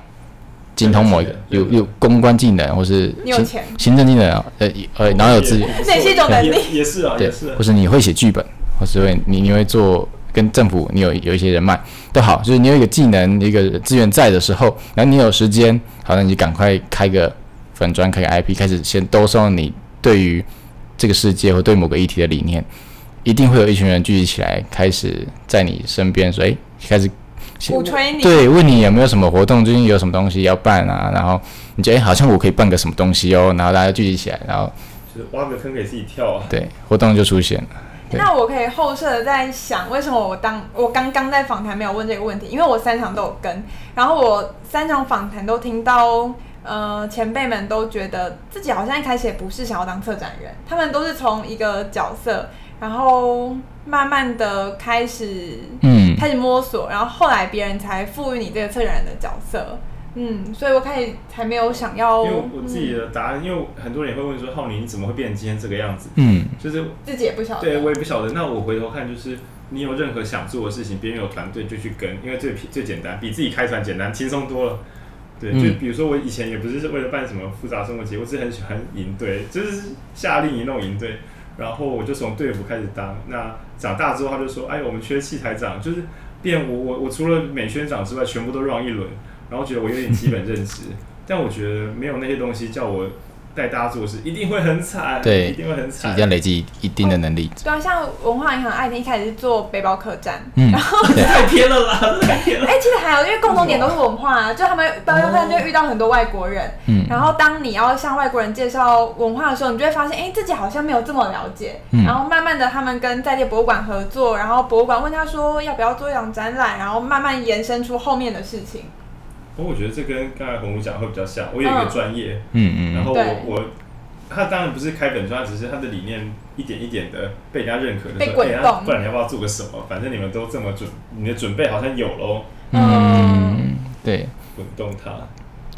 精通某一個有有公關技能，或是行,對行政技能啊，呃呃，然後,然後有資源，也對哪些種能力對也是啊，也是、啊對，或是你會寫劇本，或是會你你會做。跟政府，你有有一些人脈都好，就是你有一個技能、一個資源在的時候，然後你有時間，好，那你就趕快開個粉專、開個 IP，開始先兜售你對於這個世界或對某個議題的理念，一定會有一群人聚集起來，開始在你身邊說，哎，開始先鼓吹你，對，問你有沒有什麼活動，最近有什麼東西要辦啊？然後你覺得、欸、好像我可以辦個什麼東西哦，然後大家聚集起來，然後就是挖個坑給自己跳啊，對，活動就出現了。對那我可以後設的在想，為什麼我當我剛剛在訪談沒有問這個問題？因為我三場都有跟，然後我三場訪談都聽到，呃，前輩們都覺得自己好像一開始也不是想要當策展人，他們都是從一個角色，然後慢慢的開始，嗯，開始摸索，嗯、然後後來別人才賦予你這個策展人的角色。嗯，所以我開始還沒有想要，因為我自己的答案，嗯、因為很多人也會問說：“宏儒，你怎麼會變成今天這個樣子？”嗯，就是自己也不曉得，對，我也不曉得。那我回頭看，就是你有任何想做的事情，別人有團隊就去跟，因為最最簡單，比自己開船簡單輕鬆多了。對，嗯、就比如說我以前也不是為了辦什麼複雜生活節，我是很喜歡營隊，就是夏令營弄營隊，然後我就從隊副開始當。那長大之後他就說：“哎，我們缺器材長，就是變我我我除了美宣長之外，全部都讓一輪。”然後覺得我有點基本認識，嗯、但我覺得沒有那些東西叫我帶大家做事，一定會很慘，對，一定會很慘。要累積一定的能力。哦、對、啊，像文化銀行愛丁一開始是做背包客棧，嗯，然後對太偏了啦，哎、欸，其實還有，因為共同點都是文化、啊，就他們背包客棧就會遇到很多外國人，嗯，然後當你要向外國人介紹文化的時候，你就會發現，哎、欸，自己好像沒有這麼了解，嗯、然後慢慢的，他們跟在地博物館合作，然後博物館問他說要不要做一場展覽，然後慢慢延伸出後面的事情。過我覺得這跟剛才宏儒講的，會比較像。我有一個專業，嗯嗯，然後我對我他當然不是開本專，只是他的理念一點一點的被人家認可的時候，欸、他不然你要不要做個什麼？反正你們都這麼準，你的準備好像有嘍。嗯，對，滾動它，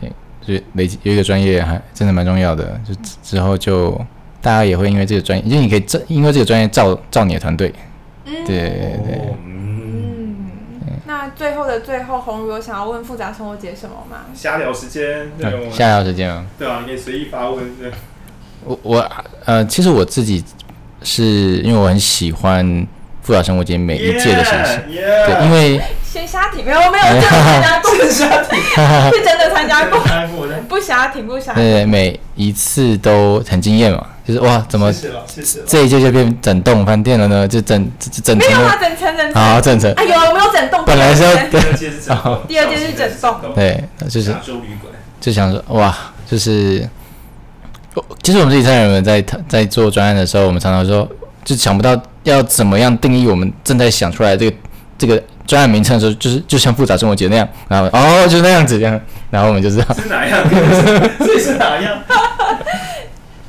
對，所以積有一個專業還真的蠻重要的，就之後就大家也會因為這個專業，因為你可以這，因為這個專業造造你的團隊、嗯，對對。哦最後的最後，宏儒有想要問複雜生活節什麼嗎？瞎聊時間，對嗯、們瞎聊時間，對啊，你可以隨意發問。對我我呃，其實我自己是因為我很喜歡。複雜生活節每一屆的消息，對，因為先瞎聽，沒有沒有參加過，瞎聽是真的參加過，不瞎聽不瞎聽，對，每一次都很驚艷嘛，就是哇，怎麼這一屆就變整棟飯店了呢？就整整整沒有整層整層啊，整層哎呦，沒有整棟，本來是要第二屆是整棟，對，就是洲旅館，就想說哇，就是，其實我們這一代人們在在做專案的時候，我們常常說就想不到。要怎麼樣定義我們正在想出來這個這個專案名稱的時候，就是就像複雜生活節那樣，然後哦，就那樣子這樣，然後我們就知道。是哪樣？哈是哪樣？哈哈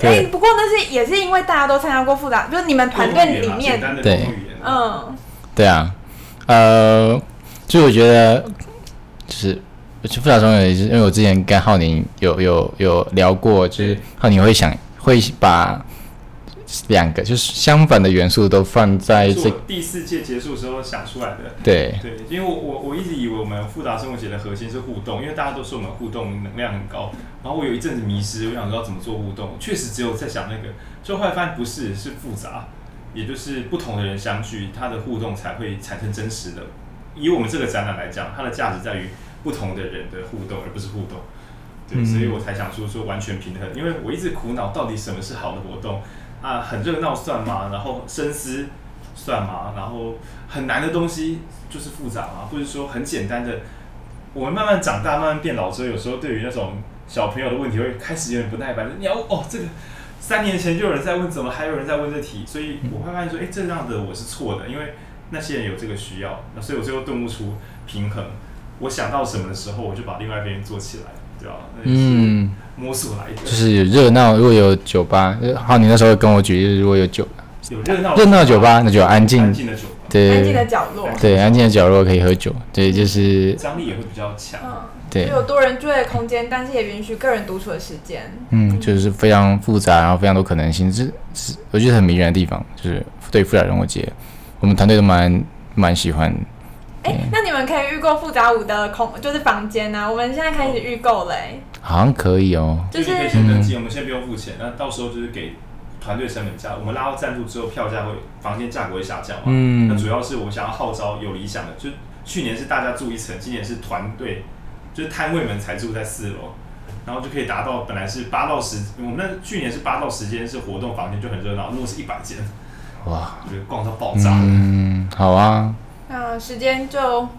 哎，不過那是也是因為大家都參加過複雜，就是你們團隊裡面、啊、對，啊、對嗯，對啊，呃，所以我覺得就是，而複雜生活也是，因為我之前跟浩寧有有有,有聊過，就是浩寧會想會把。兩個就是相反的元素都放在第四屆結束的時候想出來的。對。對，因為我我我一直以為我們複雜生活節的核心是互動，因為大家都說我們互動能量很高。然後我有一陣子迷失，我想知道怎麼做互動，確實只有在想那個，說後來發現不是，是複雜，也就是不同的人相聚，他的互動才會產生真實的。以我們這個展覽來講，它的價值在於不同的人的互動，而不是互動。對，嗯、所以我才想說說完全平衡，因為我一直苦惱到底什麼是好的活動。啊，很熱鬧算嗎？然後深思算嗎？然後很難的東西就是複雜嗎？或者說很簡單的？我們慢慢長大，慢慢變老，所以有時候對於那種小朋友的問題，會開始有點不耐煩。你要哦，這個三年前就有人在問，怎麼還有人在問這題？所以我會發現說，哎、欸，這樣的我是錯的，因為那些人有這個需要。那所以我最後頓悟出平衡。我想到什麼的時候，我就把另外一邊做起來。嗯，摸索來就是有熱鬧。如果有酒吧，好，你那時候跟我舉例，如果有酒，有熱鬧酒吧，那就安靜的酒吧，對，對安靜的角落，對，安靜的角落可以喝酒，對，就是張力也會比較強，對，有多人住在空間，但是也允許個人獨處的時間。嗯，就是非常複雜，然後非常多可能性，這、嗯、是，我覺得很迷人的地方，就是對複雜人我覺得我們團隊都蠻蠻喜歡。哎、欸，那你們可以預購複雜五的空，就是房間呢、啊？我們現在開始預購嘞，好像可以哦、喔。就是、嗯、以可以先登記，我們先不用付錢，那到時候就是給團隊成本價。我們拉到贊助之後，票價會，房間價格會下降嘛、啊？嗯。那主要是我們想要號召有理想的，就去年是大家住一層，今年是團隊，就是攤位們才住在四樓，然後就可以達到本來是八到十，我們那去年是八到十間是活動房間就很熱鬧，如果是一百間，哇，我覺得逛到爆炸。嗯，好啊。那、呃、時間就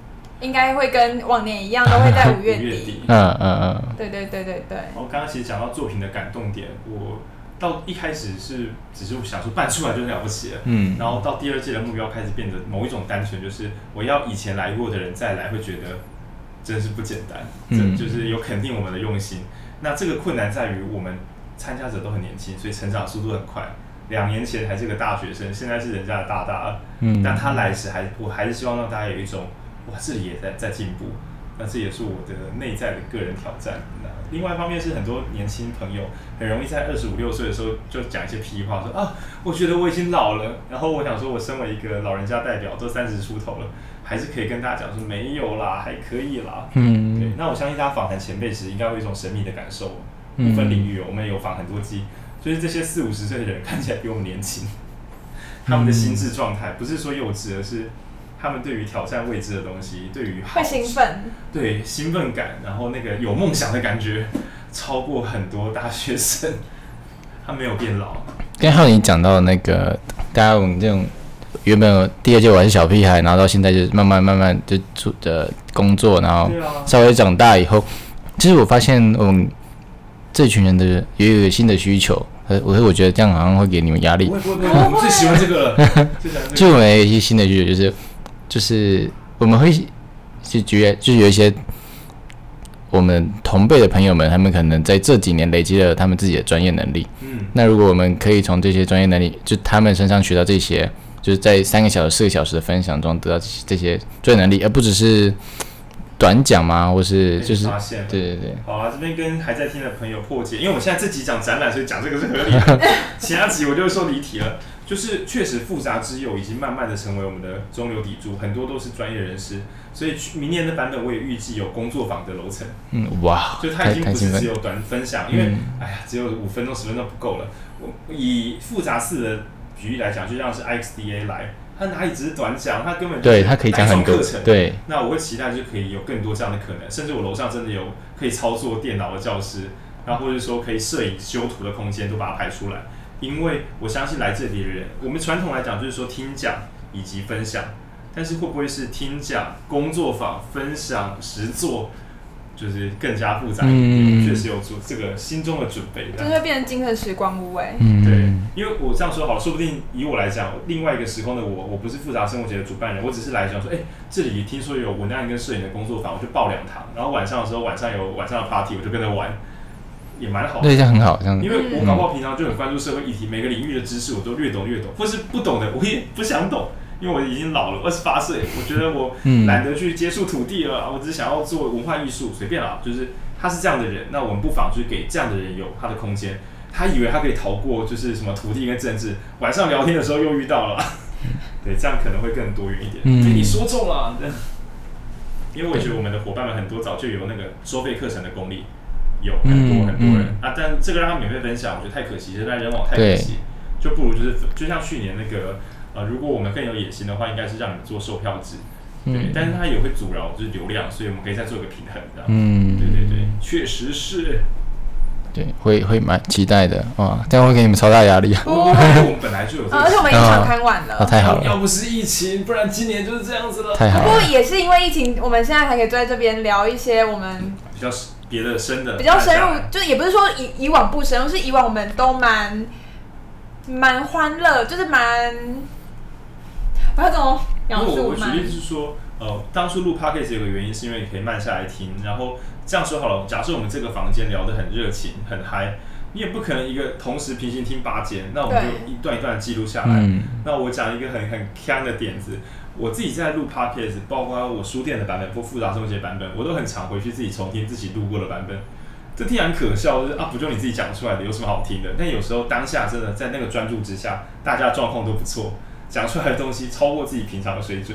應該會跟往年一樣，都會在5月、啊、五月底。嗯嗯嗯，啊、對對對對對。我、哦、剛剛其實講到作品的感動點，我到一開始是只是想說辦出來就了不起了，嗯，然後到第二屆的目標開始變得某一種單純，就是我要以前來過的人再來會覺得真是不簡單，嗯、就是有肯定我們的用心。那這個困難在於我們參加者都很年輕，所以成長速度很快。兩年前還是個大學生，現在是人家的大大二。嗯，但他來時還，我還是希望讓大家有一種，哇，這裡也在在進步，那這也是我的內在的個人挑戰。那另外一方面是很多年輕朋友很容易在二十五六歲的時候就講一些屁話，說，說啊，我覺得我已經老了。然後我想說，我身為一個老人家代表，都三十出頭了，還是可以跟大家講說沒有啦，還可以啦。嗯，對。那我相信大家訪談前輩時應該有一種神秘的感受。嗯，分領域、喔，嗯、我們有訪很多機就是這些四五十歲的人看起來比我們年輕，他們的心智狀態不是說幼稚，而是他們對於挑戰未知的東西，對於會興奮，對興奮感，然後那個有夢想的感覺，超過很多大學生。他沒有變老。嗯嗯嗯、跟浩寧講到那個，大家我們這種原本第二屆玩小屁孩，然後到現在就慢慢慢慢就出的工作，然後稍微長大以後，其實我發現我們。這群人都也有新的需求，呃，我我覺得這樣好像會給你們壓力。我，我， 就我們最喜歡這個，就有一些新的需求，就是就是我們會是覺就是有一些我們同輩的朋友們，他們可能在這幾年累積了他們自己的專業能力。嗯，那如果我們可以從這些專業能力，就他們身上學到這些，就是在三個小時、四個小時的分享中得到這些專業能力，而不只是。短講嗎？我是就是發現對對對，好了、啊，這邊跟還在聽的朋友破解，因為我們現在這集講展覽，所以講這個是合理的。 其他集我就說離題了，就是確實複雜之友已經慢慢的成為我們的中流砥柱，很多都是專業人士，所以去明年的版本我也預計有工作坊的樓層。嗯，哇，就他已經不是只有短分享，因為、嗯、哎呀，只有五分鐘十分鐘不夠了。我以複雜式的比例來講，就像是 XDA 來。它哪裡只是短講，它根本對它可以講很多。對，那我會期待就可以有更多這樣的可能，甚至我樓上真的有可以操作電腦的教室，然後或者說可以攝影修圖的空間都把它排出來，因為我相信來這裡的人，我們傳統來講就是說聽講以及分享，但是會不會是聽講工作坊分享實作？就是更加複雜一點，確實有做這個心中的準備，嗯、是就會變成精神時光屋畏、欸。嗯、對，因為我這樣說好，說不定以我來講，另外一個時空的我，我不是複雜生活節的主辦人，我只是來講說，哎、欸，這裡聽說有文案跟攝影的工作坊，我就報兩堂。然後晚上的時候，晚上有晚上的 party，我就跟著玩，也蠻好。對，這樣很好，這樣，因為我搞不好平常就很關注社會議題，嗯、每個領域的知識我都略懂略懂，或是不懂的，我也不想懂。因為我已經老了，二十八歲，我覺得我懶得去接觸土地了，嗯、我只想要做文化藝術，隨便啦。就是他是這樣的人，那我們不妨就是給這樣的人有他的空間。他以為他可以逃過就是什麼土地跟政治，晚上聊天的時候又遇到了。嗯、 對，這樣可能會更多元一點。嗯對，你說中了、啊。因為我覺得我們的伙伴們很多早就有那個收費課程的功力，有很多很多人、嗯嗯、啊。但這個讓他免費分享，我覺得太可惜，現在人往太可惜，對就不如就是就像去年那個。呃、如果我們更有野心的話，應該是讓你們做售票制，對，嗯、但是它也會阻撓就是流量，所以我們可以再做一個平衡的。嗯，對對對，確實是，對，會會蠻期待的啊，但會給你們超大壓力啊。我們本來就有，而且我們一場看完了，那、哦哦、太好了。要不是疫情，不然今年就是這樣子了。太好了、啊，不過也是因為疫情，我們現在才可以坐在這邊聊一些我們比較別的深的、嗯，比較深入，就也不是說以以往不深，是以往我們都蠻蠻歡樂，就是蠻。白總，我舉個例子就是說，呃，當初錄 Podcast 有個原因，是因為你可以慢下來聽。然後這樣說好了，假設我們這個房間聊得很熱情，很嗨，你也不可能一個同時平行聽八節，那我們就一段一段記錄下來。對那我講一個很很香的點子，嗯、我自己在錄 Podcast 包括我書店的版本或複雜生活節版本，我都很常回去自己重聽自己錄過的版本。這聽起來很可笑，就是啊，不就你自己講出來的，有什麼好聽的？但有時候當下真的在那個專注之下，大家狀況都不錯。講出來的東西超過自己平常的水準，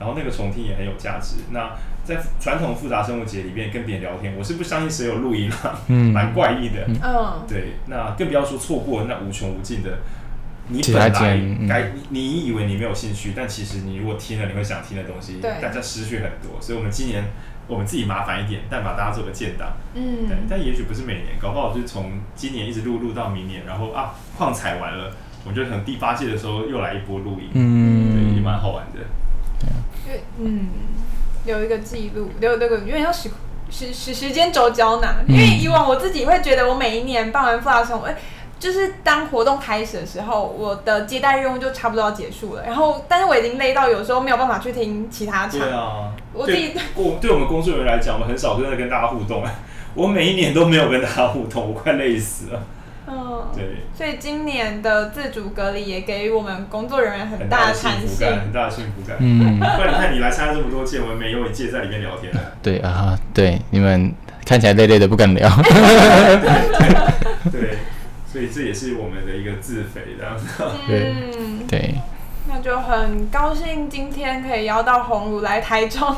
然後那個重聽也很有價值。那在傳統複雜生活節裡面跟別人聊天，我是不相信誰有錄音嘛，蠻、嗯、怪異的。嗯、對，那更不要說錯過那無窮無盡的。你本來該、嗯、你以為你沒有興趣，但其實你如果聽了，你會想聽的東西，大家對失去很多。所以我們今年我們自己麻煩一點，但把大家做個建檔。嗯，對，但也許不是每年，搞不好就從今年一直錄錄到明年，然後啊礦採完了。我覺得可能第八屆的時候又來一波錄音，嗯，對對也蠻好玩的。對嗯，留一個記錄，留留個有，因為要時時時間軸交納。嗯、因為以往我自己會覺得，我每一年辦完發送哎，就是當活動開始的時候，我的接待任務就差不多要結束了。然後，但是我已經累到有時候沒有辦法去聽其他場。對啊，我自己，對我對我們工作人員來講，我們很少真的跟大家互動。哎， 我每一年都沒有跟大家互動，我快累死了。哦，oh, 對，所以今年的自主隔離也給予我們工作人員很大的彈性，很大的幸福感，福感嗯，不然你看你來參加這麼多屆，我們每有一屆在裡面聊天啊、嗯、對啊，對，你們看起來累累的，不敢聊 對。對，所以這也是我們的一個自肥，的對、嗯、對。對那就很高興今天可以邀到宏儒來台中，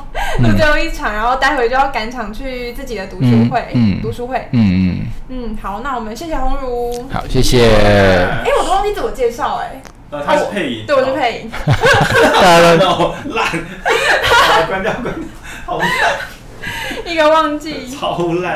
最後一場，然後待會就要趕場去自己的讀書會，讀書會，嗯嗯嗯，好，那我們謝謝宏儒，好，謝謝。哎，我都忘記自我介紹，哎，他是配音，對，我是配音，來熱鬧，爛，關掉關掉，好爛一個忘記，超爛。